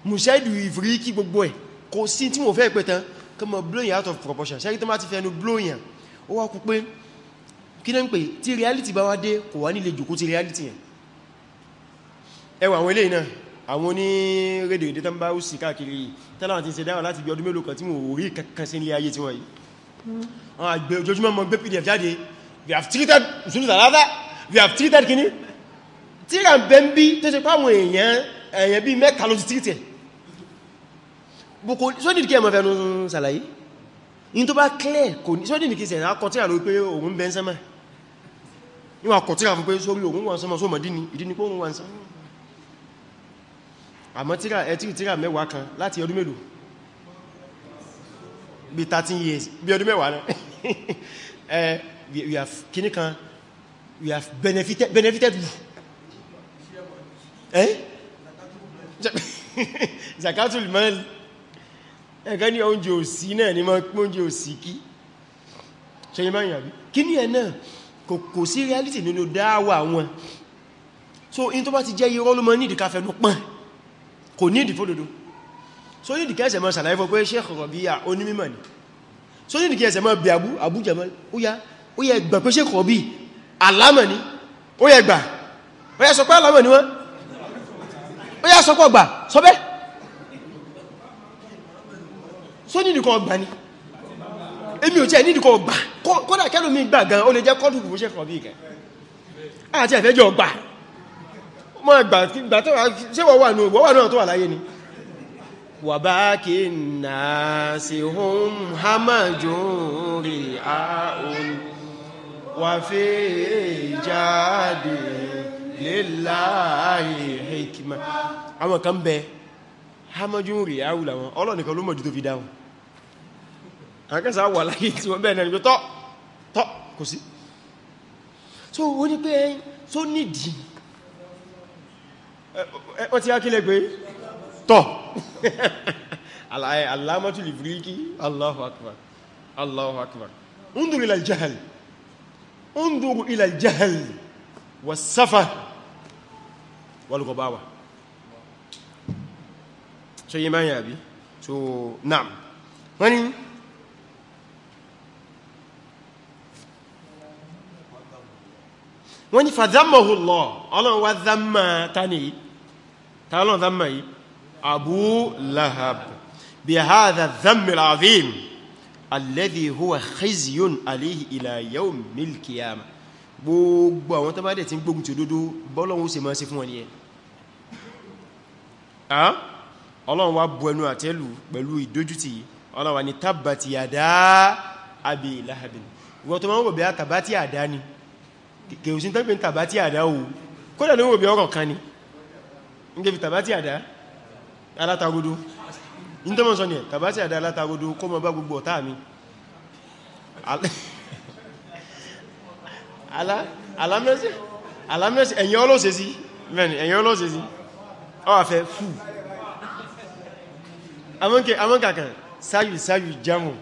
mùsẹ́dù ìfìríkì gbogbo ẹ̀ kò sí tí mo fẹ́ pẹ̀ tán kọmọ blow out of proportion sẹ́ríkì tó má ti fẹ́ nu blow yàn kí náà ń pè tí reality bá wá dé kò wá nílé jùkú ti reality yẹn ẹwà àwọn ilé náà àwọn oní rédèrèdè tán bá ó sì káàkiri tánàwà ti ṣe dáwà láti bí ọdún mélòó kan tí mo rí kankan sí ilé ayé tí wọ́n yìí àgbẹ̀ ojoojúmọ́ mọ́ gbé pdf jáde we have treated usulu salata we have treated kini tí ra ń bẹ ń bí tó ṣe páwọn èèyàn èèyàn bí mẹ́ta ló ti tírítẹ̀ bùkún sódìdì kí ẹmọ fẹ́nu ṣàlàyé in tó bá clear níwà kọ̀tíra fún pé sórí òun wọ́n sọmọ́ sọmọ́ dínì ìdíni pé òun wọ́n sọ àmọ́ tíra ẹ̀tí tíra mẹ́wàá kan láti ọdún mélòó bí 13 years bí ọdún mẹ́wàá náà [laughs] eh we have kíní kan we have benefited benefited who eh [laughs] zakatul mal ẹ̀gá ní oúnjẹ òsì náà ni mọ́ oúnjẹ òsì kí ṣe yí máa yàrí kí ní ẹ̀ náà kò sí reality nínú dáwà wọn so in tó bá ti jẹ́ irọ́ ló mọ́ nídìí káfẹ́nú pọ́n kò nídìí fódòdó so nídìí kẹsẹ̀ mọ́ sàlàyé fún pé Sheikh Rabi'a onímímọ̀ ni so nídìí kẹsẹ̀ mọ́ bí abú Abu Jamal ó yẹ gbà pé Sheikh Rabi'a alámọ̀ ni ó yẹ gbà ó yẹ sọ pé alámọ̀ ni wọ́n ó yẹ sọ pọ̀ gbà sọ bẹ́ so nídìí kan gbà ni èmi ò jẹ́ nídìí kọ gbà kódà kẹ́lómi gbà gan o lè jẹ́ kọ́dù kò ṣe fọ̀ bí ìkẹ́ àti ẹ̀fẹ́jọ gbà mọ́ ẹgbà tó wà ṣe wọ́n ní ọgbọ̀ wà náà tó wà láyé ni wà bá kí náà sí hún rí àún wà fẹ́ jáde àkẹ́sà wà láyé tí wọ́n bẹ́ẹ̀ nẹ́ni pé tọ́ tọ́ kò sí so ó ní pé ẹyìn tó nìdí ọ ti ákílẹ̀ pé tọ́ aláàmọ́tù [laughs] lè fúrí kí Allahu akbar Allahu akbar undur ila al-jahl yi máa so naam wani wọ́n ní fàzámọ̀hù lọ ọlọ́run wá zámà tání yìí tààlọ́n zámà yìí Abu Lahab bí hadha zámì ràvim alladhi huwa khizyun alayhi ila yawmil qiyamah gbogbo àwọn tó bá dẹ̀ tí ń gbógun ti òdodo bọ́lọ́run ó ṣe máa ṣe kèrùsí tẹ́gbẹ̀ tàbá tí àdá o kódà ló wò bí ọ̀rọ̀ kan ni ń gẹ́bí tàbá tí àdá alátagodo ní tọ́mọ̀ sọ ni ẹ̀ tàbá tí àdá alátagodo kó mọ bá gbogbo ọ̀tá mi alámẹ́sì ẹ̀yìn ọlọ́sẹsí mẹ́rin ẹ̀yìn ọlọ́sẹsí ọ́wàfẹ́ fù amọ́kàkàn sáyù sáyù jámù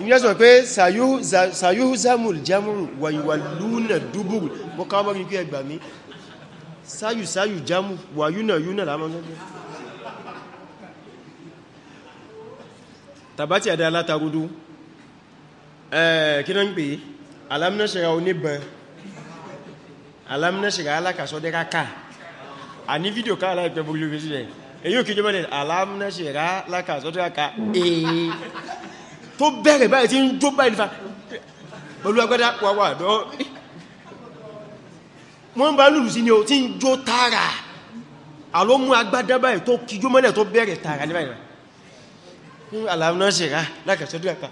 ìmìyànsọ̀ pé sayuhzamul jamru wa yuwalluna dubur mọ́kànlọ́gbọ́n ní kí ẹgbà mí sayu sayu jamu wa yúnà yúnà lámọ́gbọ́n tàbátí àdá alátarudu kí náà ń pè alámínàṣẹ́ra oníbọn alámínàṣẹ́ra alákàṣọ́dẹ́ráká a ní fídíò ká aláìpẹ́ búrú lórí sílẹ̀ èyí ò kí jẹ́ mọ́lẹ̀ alámínàṣẹ́ra alákàṣọ́dẹ́ráká èé tó bẹ̀rẹ̀ báyìí tí ń jó báyìí nífà pẹ̀lú agbádá wàwà dọ́ wọ́n bá lùlù sí ni o tí ń jó tààrà àlọ́ mú agbádá báyìí tó kíjó mọ́lẹ̀ tó bẹ̀rẹ̀ tààrà ní báyìí alamnasira lákàtọ́dúràkà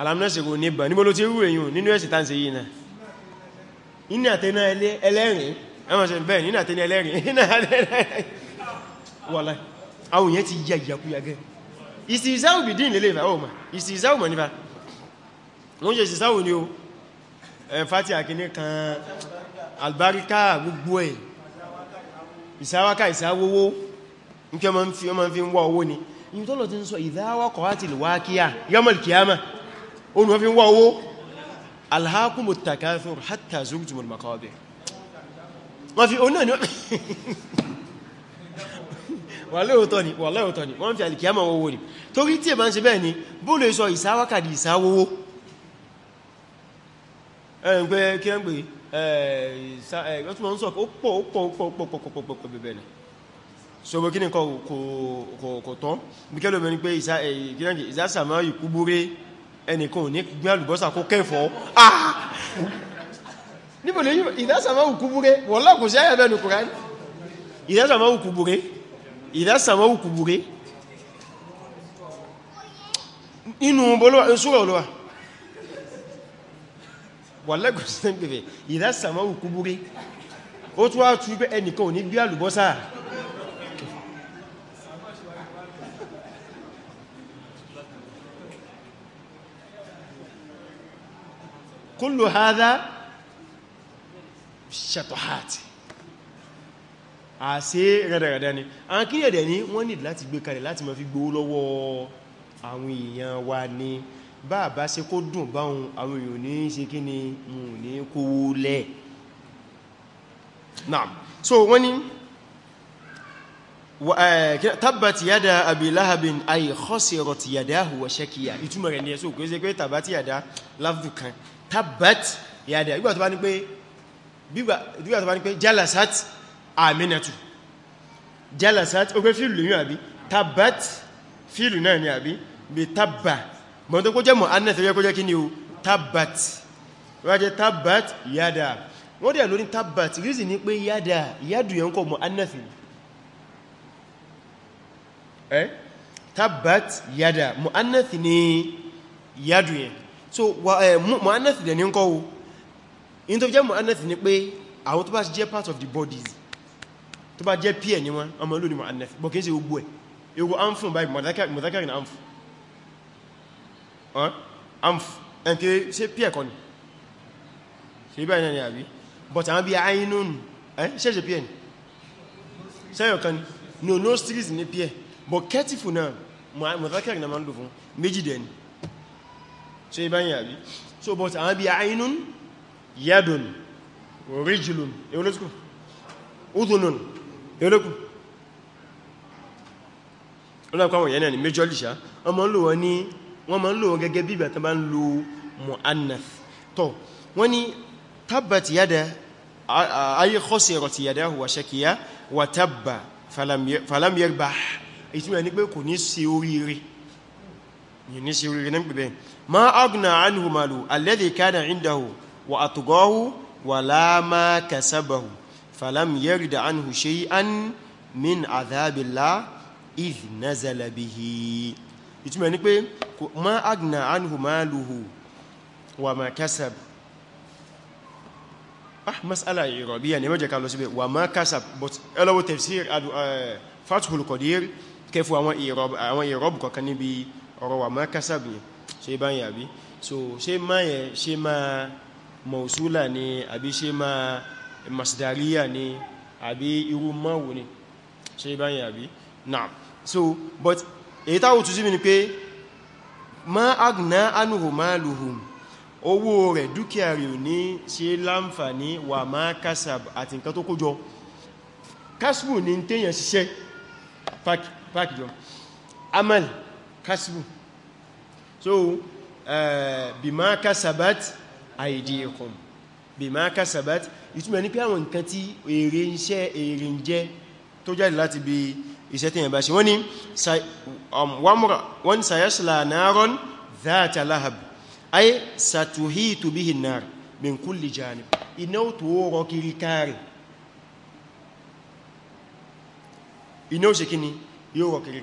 alamnasira ò ní bà níbo ló ti rú èyàn nínú ẹ̀sì tá ń ṣe yìí náà iná àtẹ́ná ẹlẹ́rìn ẹmọ̀ sẹ bẹ́ẹ̀ iná àtẹ́ná ẹlẹ́rìn iná àtẹ́ná wọ́lá àwọn èèyàn ti yà ìyàkúyà gẹ́ẹ̀ ìsìsáwò bìdí ìlélè ìfà ọmọ ìsìsáwò mọ̀ nípa wọ́n ṣe ìsìsáwò ní o fàtí àkíní kan albarika gbogbo ẹ̀ ìsáwáká ìsáwówó nke ọmọ fi ń wá owó ni yìí tọ́lọ̀ ti ń sọ ìdáwọ́kọ̀ láti lè wákíyà yamal kiyama ó ní wọ́n fi ń wá owó alhakumut takathur hatta [laughs] wàlẹ́ òótọ́ ni wàlẹ́ òótọ́ ni wọ́n fi àlìkìyàmọ̀ owó ni torí tí èbá ń ṣe bẹ́ẹ̀ ni bó lè sọ ìsáwákàdì ìsáwówó ẹ̀rùn pé kí ẹ ń pè ẹ̀ẹ́sọ́tún sọ ó pọ̀ ó pọ̀ ó pọ̀ ó pọ̀ ó pọ̀ bẹ̀bẹ̀ ni ṣogbo kí ni kò tọ́ bí kẹ́lò mẹ́rin pé ìsásàmá ìkúbúré ẹnìkan ní gbé àlùbọ́sà kó kẹfọ́ níbo lè yíò ìdásàmá ìkúbúré wọ́lá kò sí àyàbẹ̀nù kùrán ìdásàmá ìkúbúré ìdásàmọ́ òkùbùrẹ́ inú ṣúrọ̀ olówà wà lẹ́gbọ̀n sí pẹ̀fẹ̀ ìdásàmọ́ òkùbùrẹ́ ó tún wá tú pé ẹnìkan ò ní bí àlùbọ́sà kullu hadha shatuhati àṣẹ rẹ̀dẹ̀rẹ̀dẹ̀ ni àwọn kí ẹ̀dẹ̀ ní wọ́n nìdí láti gbé kalẹ̀ láti mọ̀ fi gbówó lọ́wọ́ àwọn èèyàn wa ni bá bá ṣe kó dùn báhun àwọn èèyàn ní ṣe kí ni mù ní kówó lẹ̀ naam so wọ́n ni tabbati yada abi lahabin ay ìtumọ̀ rẹ̀ ni ẹ̀sọ́ kò ṣe pé tabbati yada láfù kan tabbati yada ìgbà tó bá ní pé jalásat àmìnàtù jalasat ó pé fíìlù yìí àbí tabbat fíìlù náà ni àbí bí tabba mọ́n tó kó jẹ́ mọ̀ anẹ́sẹ̀ yẹ kó jẹ́ kí ni o tabat rájẹ́ tabat yada wọ́n dẹ̀ lórí tabbat rízi ní pé yada yadu yẹn kọ̀ mọ̀ anẹ́sẹ̀ eh tabbat yada mọ̀ anẹ́sẹ̀ ni yadu yẹn so mọ̀ anẹ́sẹ̀ dẹ̀ ní kọ́ o in tó jẹ́ mọ̀ anẹ́sẹ̀ ni pé àwọn tó bá jẹ́ part of the bodies tó bá jẹ́ pí ẹ̀ ní wọn ọmọ olóòdì mọ̀ annafi bọ̀ kìí ṣe gbogbo ẹ̀ ewu amfun báyìí mọ̀dákàrí ní amfun amfun ẹnkẹ́ ṣe pí ẹ̀kọ́ ni ṣe báyìí náà ni àbí but àwọn bí ainun ẹ́ ṣẹ́ṣẹ́ pí ẹ̀ ni sẹ́yọ̀ kan ni no no street ní pí ẹ̀ bọ̀ kẹ́tìfù náà mọ̀dákàrí náà máa ń lò fún méjì dẹ̀ ni ṣe báyìí àbí so but àwọn bí ainun yadun rijlun ewolosiko udhunun olókùn olókùn àwọn ìyẹn ni majorly ṣá wọ́n máa ń lò wọ́n ní wọ́n máa ń lò wọ́n gẹ́gẹ́ bí ìgbà tán bá ń lo mu'annath tọ́ wọ́n ní tabbat yada ayé khasirat yadahu wa shakiya wa tabba falam yarbah ìtumọ̀ ní pé kò ní sí oríire yìí ní sí oríire náà gbẹ̀bẹ̀ ma aghna anhu malu alladhi kana indahu wa atghahu wa la falam yarida anhu shay'an min adhabillah idh nazala bihi ìtumọ̀ ní pé ma agna anhu maluhu wa ma kasab ah masala ìrọ̀bíyà ni mẹ́jẹ̀ ká lọ síbẹ̀ wa ma kasab but ẹlọ́wọ́ tafsir fathul qadir kẹfù àwọn ìrọ̀bù kọ̀kan níbi ọ̀rọ̀ wa ma kasab yẹn ṣe bá ń yàbí so ṣe máa yẹ ṣe máa mọ̀súlà ni àbí ṣe máa masdariya ni àbí irú mawo ni ṣe báyìí àbí na'am so but èyí táwò tún sí mi ni pé ma agna anuhu maluhum owó rẹ̀ dúkìá rẹ̀ ò ní ṣe láǹfàní wà má kásàb àti nǹkan tó kójọ kásìbù ní tèyàn ṣiṣẹ́ pàkì jọ amal kásìbù so uh, eh, bí má kásabat àìdíyẹkùn bima kasabat ìtumọ̀ ní pé àwọn nǹkan tí èrè iṣẹ́ èrè ń jẹ́ tó jáde láti bí iṣẹ́ tí yẹn bá ṣe wọ́n ni um, wọ́n sayasla naron dhata lahab ay satuhitu bihi nar min kulli janib iná ò tó rọ kiri káàrì iná ò ṣe kí ni yóò rọ kiri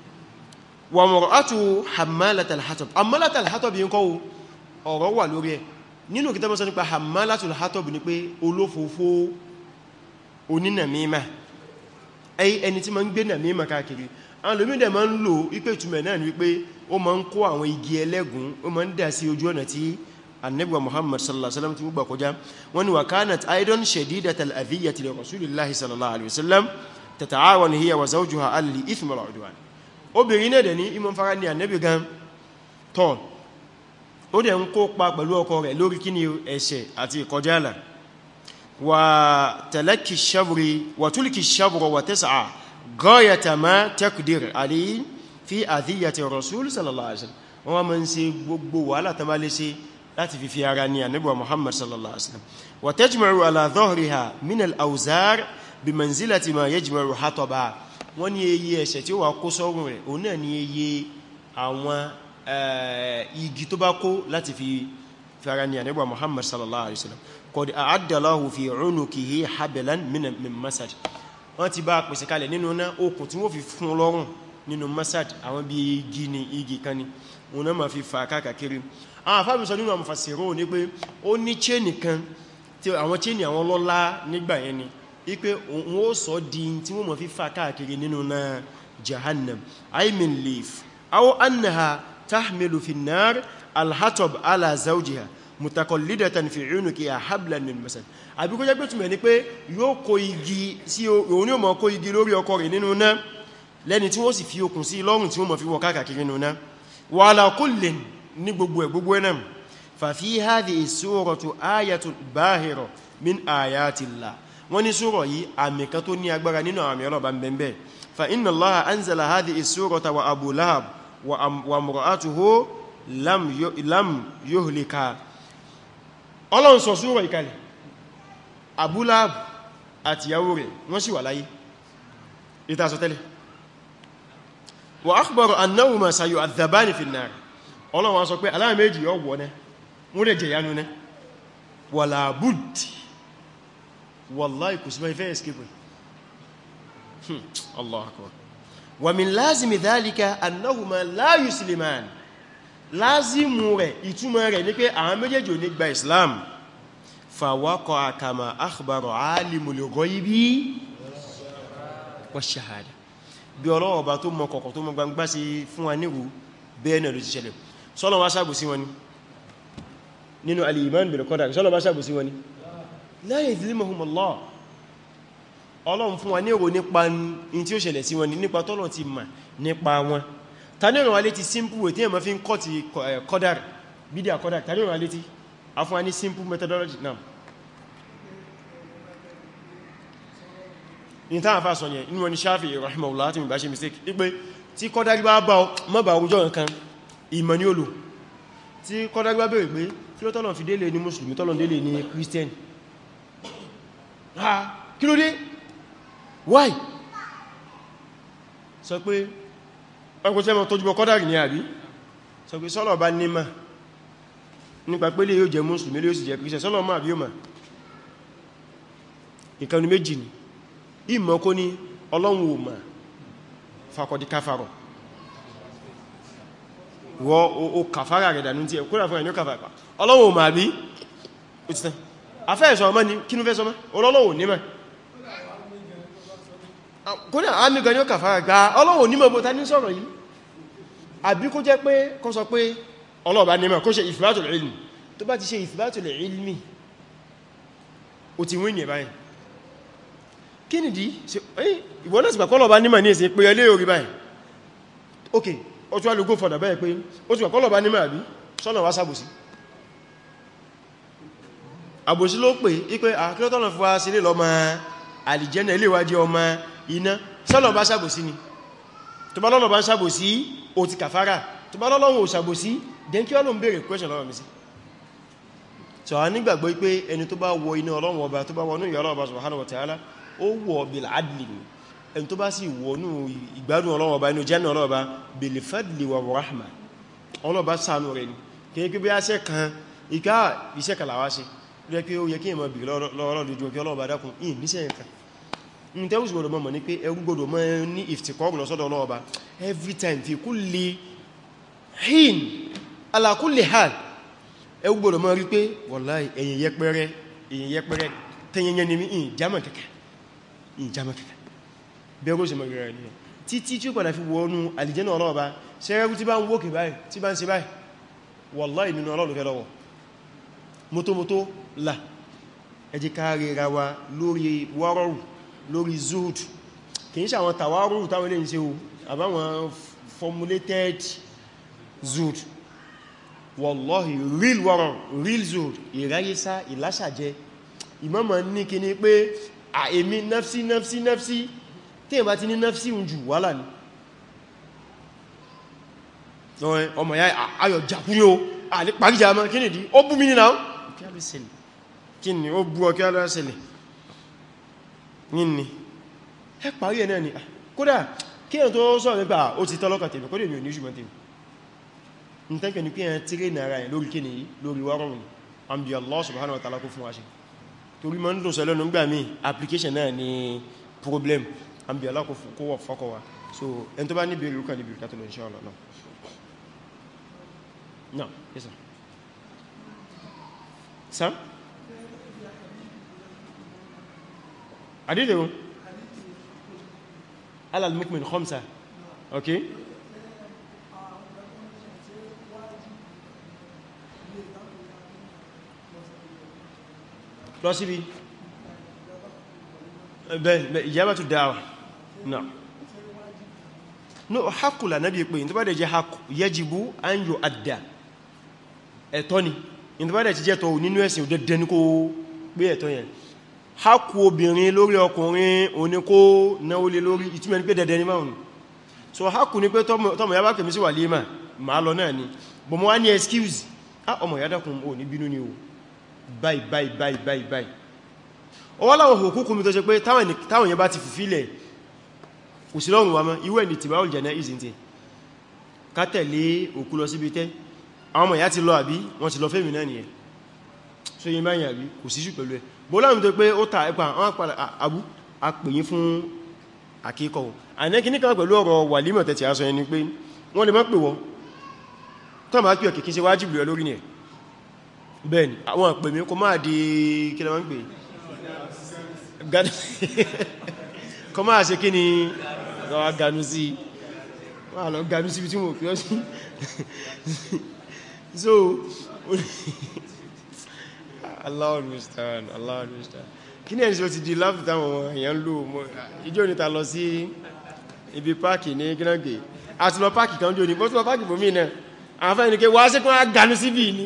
wa mur'atu hammalatal hatab hammalatal hatab yin ko ọ̀rọ̀ wà lórí ẹ̀ nínú kitabu sọ nípa hammalatul hatab ní pé olófòófó oninamima ai ẹni tí ma ń gbé namima káàkiri an lomi de ma ń lò ipe ìtumọ̀ náà ní pé ó ma ń kó àwọn igi ẹlẹ́gùn ó ma ń dà sí ojú ọ̀nà tí annabi muhammad sallallahu alaihi wasallam ti gbà kọjá wọ́n ní wa kanat aidan shadidatal adhiyati li rasulillahi sallallahu alaihi wasallam tata'awanu hiya wa zawjuha al ithmi wal udwan obìnrin náà dẹ̀ ní imọ̀ fara ní ànẹ́bì gan tọ́ ó dẹ̀ ń kópa pẹ̀lú ọkọ rẹ̀ lórí kí ni ẹ̀ṣẹ̀ àti ìkọjá àlà wà tẹ̀lẹ́kì ṣẹ́bùrì wà túlìkì ṣẹ́bùrọ̀ wà tẹ́sà gọ́yẹ̀tà má tẹ́kùdìrì àlè fi àdíyàtì rọ̀súlù sallallahu alaihi wasallam wọ́n wá máa ń ṣe gbogbo wàhálà tó bá lè ṣe láti fi fi tajmaru ala dhahriha min al-awzar bi manzilati ma yajmaru hatoba wọ́n ní eye ẹ̀ṣẹ̀ tí ó wà kó sọ́rùn rẹ̀ òun náà ní eye àwọn eh, igi tó bá kó láti fi fara ní àníbà Muhammad sallallahu alaihi wasallam qad a'adda Allahu fi unukihi hablan min masad wọ́n ti bá pèsè kalẹ̀ nínú náà tí fi fún lọ́rùn nínú masad àwọn bí igi ni igi ma fi fà káàkiri àwọn afáàmì sọ nínú àwọn mufassirun ní pé ó ní chain kan tí àwọn chain àwọn lọ́lá nígbà ipe wọ́n sọ di tí wọ́n mọ̀ fi fà káàkiri nínú na jahannam aimin leaf aw annaha tahmilu fi nar alhatab ala zawjiha mutakallidatan fi unukiha hablan min masad àbí kó jẹ́ pé túnmẹ̀ ní pé yóò kó igi sí òun yóò mọ̀ kó igi lórí ọkọ rẹ̀ nínú na lẹ́ni tí wọ́n sì fi okùn sí lọ́rùn tí wọ́n mọ̀ fi wọ káàkiri nínú na wa kullin ní gbogbo ẹ̀ gbogbo ẹ̀nà fa fi hadhihi suratu ayatun bahira min ayatillah wọ́n ní súrọ̀ yìí àmì kan tó ní agbára nínú àmì ọlọ́ba bẹ̀m̀bẹ̀ fa inna allaha anzala hadhi is-surata wa abu lahab wa mura'atuhu lam lam yuhlika ọlọ́run sọ súrọ̀ ìkalẹ̀ abu lahab àti yàwó rẹ̀ wọ́n sì wà láyé ìta sọ tẹ́lẹ̀ wa akhbara wallahi kò síbẹ̀ ìfẹ́ escape hmm, Allah akbar wa min lazimi dhalika annahuma la yusliman lázimu rẹ̀ ìtumọ̀ rẹ̀ ní pé àwọn méjèèjì ò ní gba islam fa waqa kama akhbara alimul ghaibi wash-shahada bí ọlọ́wọ̀ bá tó mọ kọ̀kọ̀ tó mọ gbangba sí fún wa níwú bẹ́ẹ̀ náà ló ti ṣẹlẹ̀ sọ́lọ́wọ́ sábù wọn ni nínú al-iman bil sọ́lọ́wọ́ sábù wọn ni la yadhlimuhum Allah ọlọ́run fún wa ní èrò nípa in tí ó ṣẹlẹ̀ sí wọn ní nípa tọ́lọ̀ ti mà nípa wọn tàní ọ̀rọ̀ alé ti simple way tí ẹ̀mọ́ fi ń kọ́ ti kọ́dár bídíà kọ́dár tàní ọ̀rọ̀ alé ti afún wa ní simple methodology náà in táà fà sọ yẹn inú wọn ni Shafi'i rahimahullah láti mìbá ṣe mistake ipé tí kọ́dár bá bá mọ́ bá àwùjọ nǹkan ìmọ̀ ni ó lò tí kọ́dár bá bèèrè pé ha kí ló dé why sọ pé ọkùn tí ẹmọ tó jùmọ̀ kọ́dàrí ní àbí sọ pé sọ́lọ̀ bá níma nípa pé lè yóò jẹ mùsùlùmí lè yóò sì jẹ kìí sọ́lọ̀ máa bí yóò máa ìkanu méjì ni ìmọ̀ kó ní ọlọ́run ò máa fakọ̀dí káfàrọ̀ afẹ́ẹ̀sọ ọmọ ni kí ní fẹ́ sọmọ́ ọlọ́lọ́wò nímọ̀ kódà amígan yóò kàfàrà gba ọlọ́wò nímọ̀ bó ta ní sọ̀rọ̀ yìí àbí kó jẹ́ pé kó sọ pé ọlọ́ọ̀bá nímọ̀ kó ṣe ìfìbátòlè ilmi tó bá ti ṣe ìfìbátòlè ilmi ó ti wín ní ẹ̀báyìí kí ni dí ìwọ náà sì gbà kọ́lọ̀ọ̀bá nímọ̀ ní èsì pé ẹlé orí báyìí ok ó tún wá lè go fọ̀dà báyìí pé ó ti gbà kọ́lọ̀ọ̀bá nímọ̀ àbí sọ́nà wá sábòsí àbòsí ló pè ipé àkílọ́tọ̀lọ̀ fún wa sílé lọ́mọ àlìjẹ́nà ilé ìwádìí ọmọ iná sọ́lọ̀ bá sàbòsí ni tó bá lọ́lọ́ bá ń sàbòsí o ti kàfàrà tó bá lọ́lọ́wọ́ so a nígbàgbọ́ pé ẹni tó bá wọ iná ọlọ́run ọba tó bá wọnú ìyà ọlọ́run ọba subhanahu wa ta'ala ó wọ bil adli ni ẹni tó bá sì wa rahma ọlọ́run ọba ṣàánú rẹ̀ ni kí ní pé bí a rẹ pé ó yẹ kí ẹmọ bìí lọ́rọ̀ lójú ọkẹ́ ọlọ́ọ̀bá dákun yìí níṣẹ́ nǹkan ní tẹ́wùsù gbọdọ̀ mọ̀ ní pé gbọdọ̀ mọ́ ní lọ́sọ́dọ̀ ọlọ́ọ̀bá every fi hin ala kulli hal ẹrú gbọdọ̀ mọ́ rí pé wallahi mọ́tọ́mọ́tọ́ là ẹjẹ́ káàrí ra wa lórí wárọ̀rù lórí zood kìí ṣe àwọn tàwárọ̀rù táwọn ilé ìṣẹ́ o àbáwọn formulated zood wallahi real wárọ̀rù real zood ìráyésá ìláṣàjẹ ìmọ́mọ̀ ní kí ni pé àèmí nafsi nafsi nafsi tí ìbá ti ní nafsi ń jù wà láni ọmọ ya ayọ̀ jàkúrí o àlè parí jà mọ́ kí nìdí ó bú mi ní náà ìṣẹ̀lẹ̀ kí ni ó bú ọkẹ́ aláṣẹ̀lẹ̀ nínú ẹ parí ẹ̀ náà ni ah, kódà kí ẹ̀ tó sọ nípa ah, ó ti tọ́lọ́kà tèmi kódà èmi ò ní ṣùgbọ́n tèmi ní tẹ́kẹ̀ ní pé ẹ̀ tíré nára ẹ̀ lórí kíni lórí wárùn ún àmì Allah subhanahu wa ta'ala kó fún wa ṣe torí ma ń dùn sọ lẹ́nu gbà mí application náà ni problem àmì Allah kó wà fọ́kọ̀ wa so ẹni tó bá níbi ìrúkà níbi ìrúkà tó lọ insha Allah náà yes sir sam àdídẹ̀wò alalmukmin khamsa ok lọ síbi bẹ́ẹ̀ ìjábá tó dáwà náà no hakula náà bí pé tó bá dẹ̀ jẹ́ hakù yajibu an yu'adda ẹ̀tọ́ ni ìdíwádẹ̀ ti jẹ́ tọ́ nínú ẹ̀sìn òdẹ́dẹ́ ní kó gbé ẹ̀tọ́ yẹn ha kú obìnrin lórí ọkùnrin òní kó náwó lé lórí ìtumẹ̀ ní pé dẹ̀dẹ̀ ní márùn so ha kú ní pé tọ́mọ̀ ya bá kẹ̀mí sí wà lé máa lọ náà ni bọ̀ mọ́ ní excuse Ha ọmọ ya dákun ò ní bínú ni o báyìí báyìí báyìí báyìí báyìí ọwọ́ láwọn òkúkú mi tó ṣe pé táwọn yẹn bá ni tìbáwọ̀l jẹ̀ náà ìsìntì ká tẹ̀lé àwọn ọmọ ìyá ti lọ àbí wọ́n ti lọ fẹ́mì náà nìyẹn so yí báyìí àbí kò síṣù pẹ̀lú ẹ bóláàmù tó pé ó ta ẹpa àwọn padà àbú apèyí fún àkíkọ̀ àìnẹ́kì ní kan pẹ̀lú ọ̀rọ̀ wà límọ̀tẹ̀ tí a sọ ẹni pé wọ́n lọ máa bí tí mo pè ọ́ sí [laughs] so [laughs] Allah understand Allah understand kí ní ẹ̀ṣọ́ ti di láàpù táwọn èèyàn lò mọ́ ìjọ́ níta lọ sí ibi páàkì ní gínáàgbé àti lọ páàkì kan jò ní bọ́ tí lọ páàkì bòmí náà àwọn afẹ́ ìrìnkẹ́ wá síkún àgánú síbì ní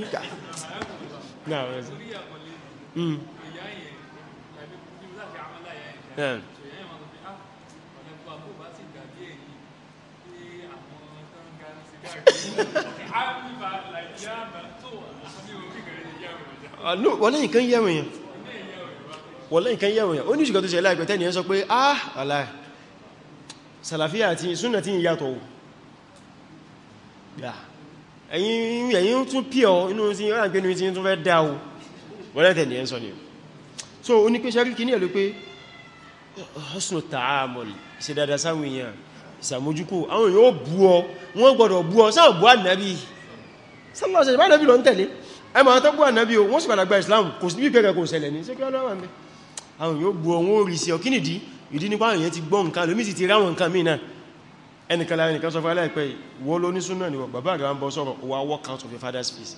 náà hmm. Yeah. [laughs] Ah, wọ́lẹ́yìn kan yẹ̀wò yẹn wọ́lẹ́yìn kan yẹ̀wò yẹn ó ní ṣùgbọ́n tó ṣe láìpẹ́ tẹ́ni yẹn sọ pé ah aláì sàlàfíà àti súnà tí ìyàtọ̀ wò ẹ̀yìn tún píọ̀ inú sí ọ́nà pé ní tún fẹ́ dáwò wọ́lẹ́ tẹ́ni yẹn sọ ni so oníkẹ́ sẹ́rí kí ní ẹ̀lú pé husnul ta'amul ìṣẹ́dàdà sáwọn èèyàn ìsàmójúkò àwọn yóò bú ọ wọ́n gbọ́dọ̀ bú ọ sáà bú ànábì sallallahu alaihi wasallam lọ ń tẹ̀lé ẹmọ àwọn tó bú ànábì o wọ́n sì padà gba Islam kò sí bí kẹ́kẹ́ kò ṣẹlẹ̀ ní ṣékí ọlọ́wọ́n bẹ́ àwọn yóò bú ọ wọ́n rí sí ọ kí nìdí ìdí nípa àwọn yẹn ti gbọ́ nǹkan lómi sì ti ráwọn nǹkan mí náà ẹnìkan lára nìkan sọ fún aláìpẹ́ wọ́n ló ní súnà ni bàbá àgbà ń bọ́ sọ̀rọ̀ wà walk out of your father's place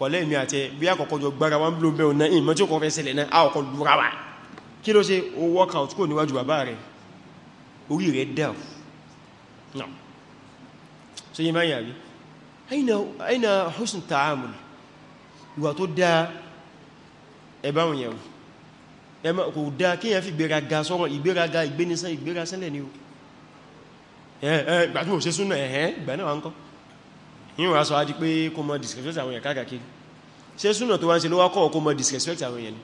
pọ̀lẹ́ mi àti bí àkọ́kọ́ jọ gbára wọn bló bẹ́ẹ̀ náà ìmọ̀ tí ó kọ́ fẹ́ ṣẹlẹ̀ náà àkọ́kọ́ lura wa kí ló ṣe ó walk out kò níwájú bàbá rẹ̀ orí rẹ̀ dẹ̀f náà so yí máa yàrí aina husn ta'amul ìwà tó dá ẹbáwọn yẹ̀wò ẹmọ kò dá kí yẹn fi gbéraga sọ́rọ̀ ìgbéraga ìgbénisán ìgbérasẹ́lẹ̀ ni o ìgbà tí mo ṣe súnà ẹ̀hẹ́n ìgbà náà wá ń kọ́ yíò wá sọ á di pé disrespect àwọn èèyàn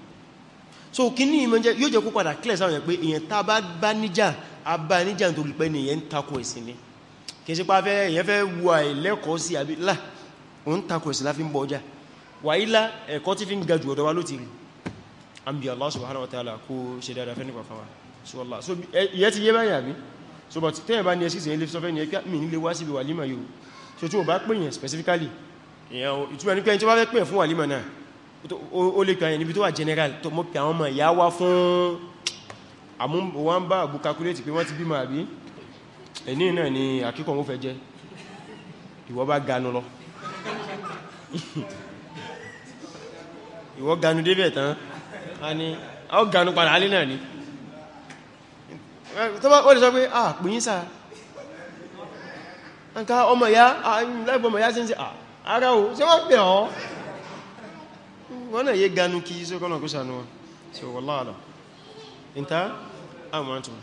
so kí ní ìmọ̀ jẹ́ yóò jẹ́ kó padà clear sáwọn èèyàn pé èèyàn tá bá níjà abá níjà nítorí pé ní ìyẹn ń takò ẹ̀sìn ni kì í ṣe pàfẹ́ ìyẹn fẹ́ wù àìlẹ́kọ̀ọ́ sí àbí là ó ń takò ẹ̀sìn láfi ń bọ ọjà wàílá ẹ̀kọ́ tí fi ń ga jù ọ̀dọ̀ ló ti rí àmì Allah subhanahu so ìyẹn ti yé so but tẹ́yẹ̀ bá ní ẹsí ìsẹ̀yìn lè sọ fẹ́ ní ẹkẹ́ mi specifically ìtumẹ̀ ní pé ẹni tó bá fẹ́ pè fún wàlímà náà ó lè pè yẹn níbi tó general tó mọ́ pè àwọn ọmọ àmú wọ́n bá àgbò calculate pé wọ́n ti bímọ àbí ẹni náà ni àkíkọ̀ wọ́n fẹ́ jẹ́ ìwọ bá ganu lọ ìwọ ganu débẹ̀ tán a ní ọ ganu padà alẹ́ náà ni tó bá wọ́n lè sọ pé à pìyín sáà nǹka ọmọ ìyá láìpọ̀ ọmọ ìyá sí ń sí ara o ṣe wọ́n pẹ̀ ọ́ wọ́n am ah, antum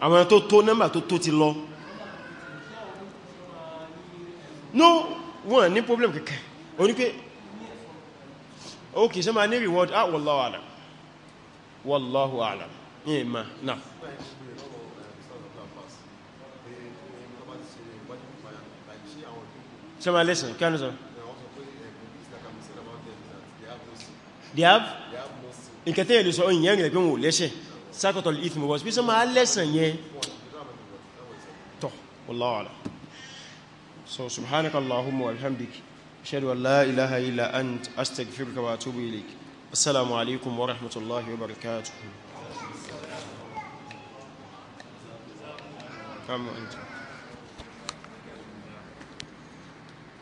àwọn tó tó nọ́mbà tó tó ti lọ no wọ́n ní problem kẹ̀kẹ́ o ní pé ok ṣe ma ní reward ah wallahu alam wallahu alam ní ìmá náà ṣe ma lẹ́sìn kí a ní sọ they have nǹkan tẹ́yẹ̀ lè sọ oyin yẹn rẹ̀ pé wọn ò lẹ́ṣẹ̀ sákọ̀tọ̀ ìfìmọ̀ bọ̀ sí ma lẹ́sàn yẹn tọ́ wọláwàlá so subhanakallahumma wa bihamdik ashhadu an la ilaha illa ant astaghfiruka wa atubu ilaik assalamu alaikum wa rahmatullahi wa barakatuh kama anta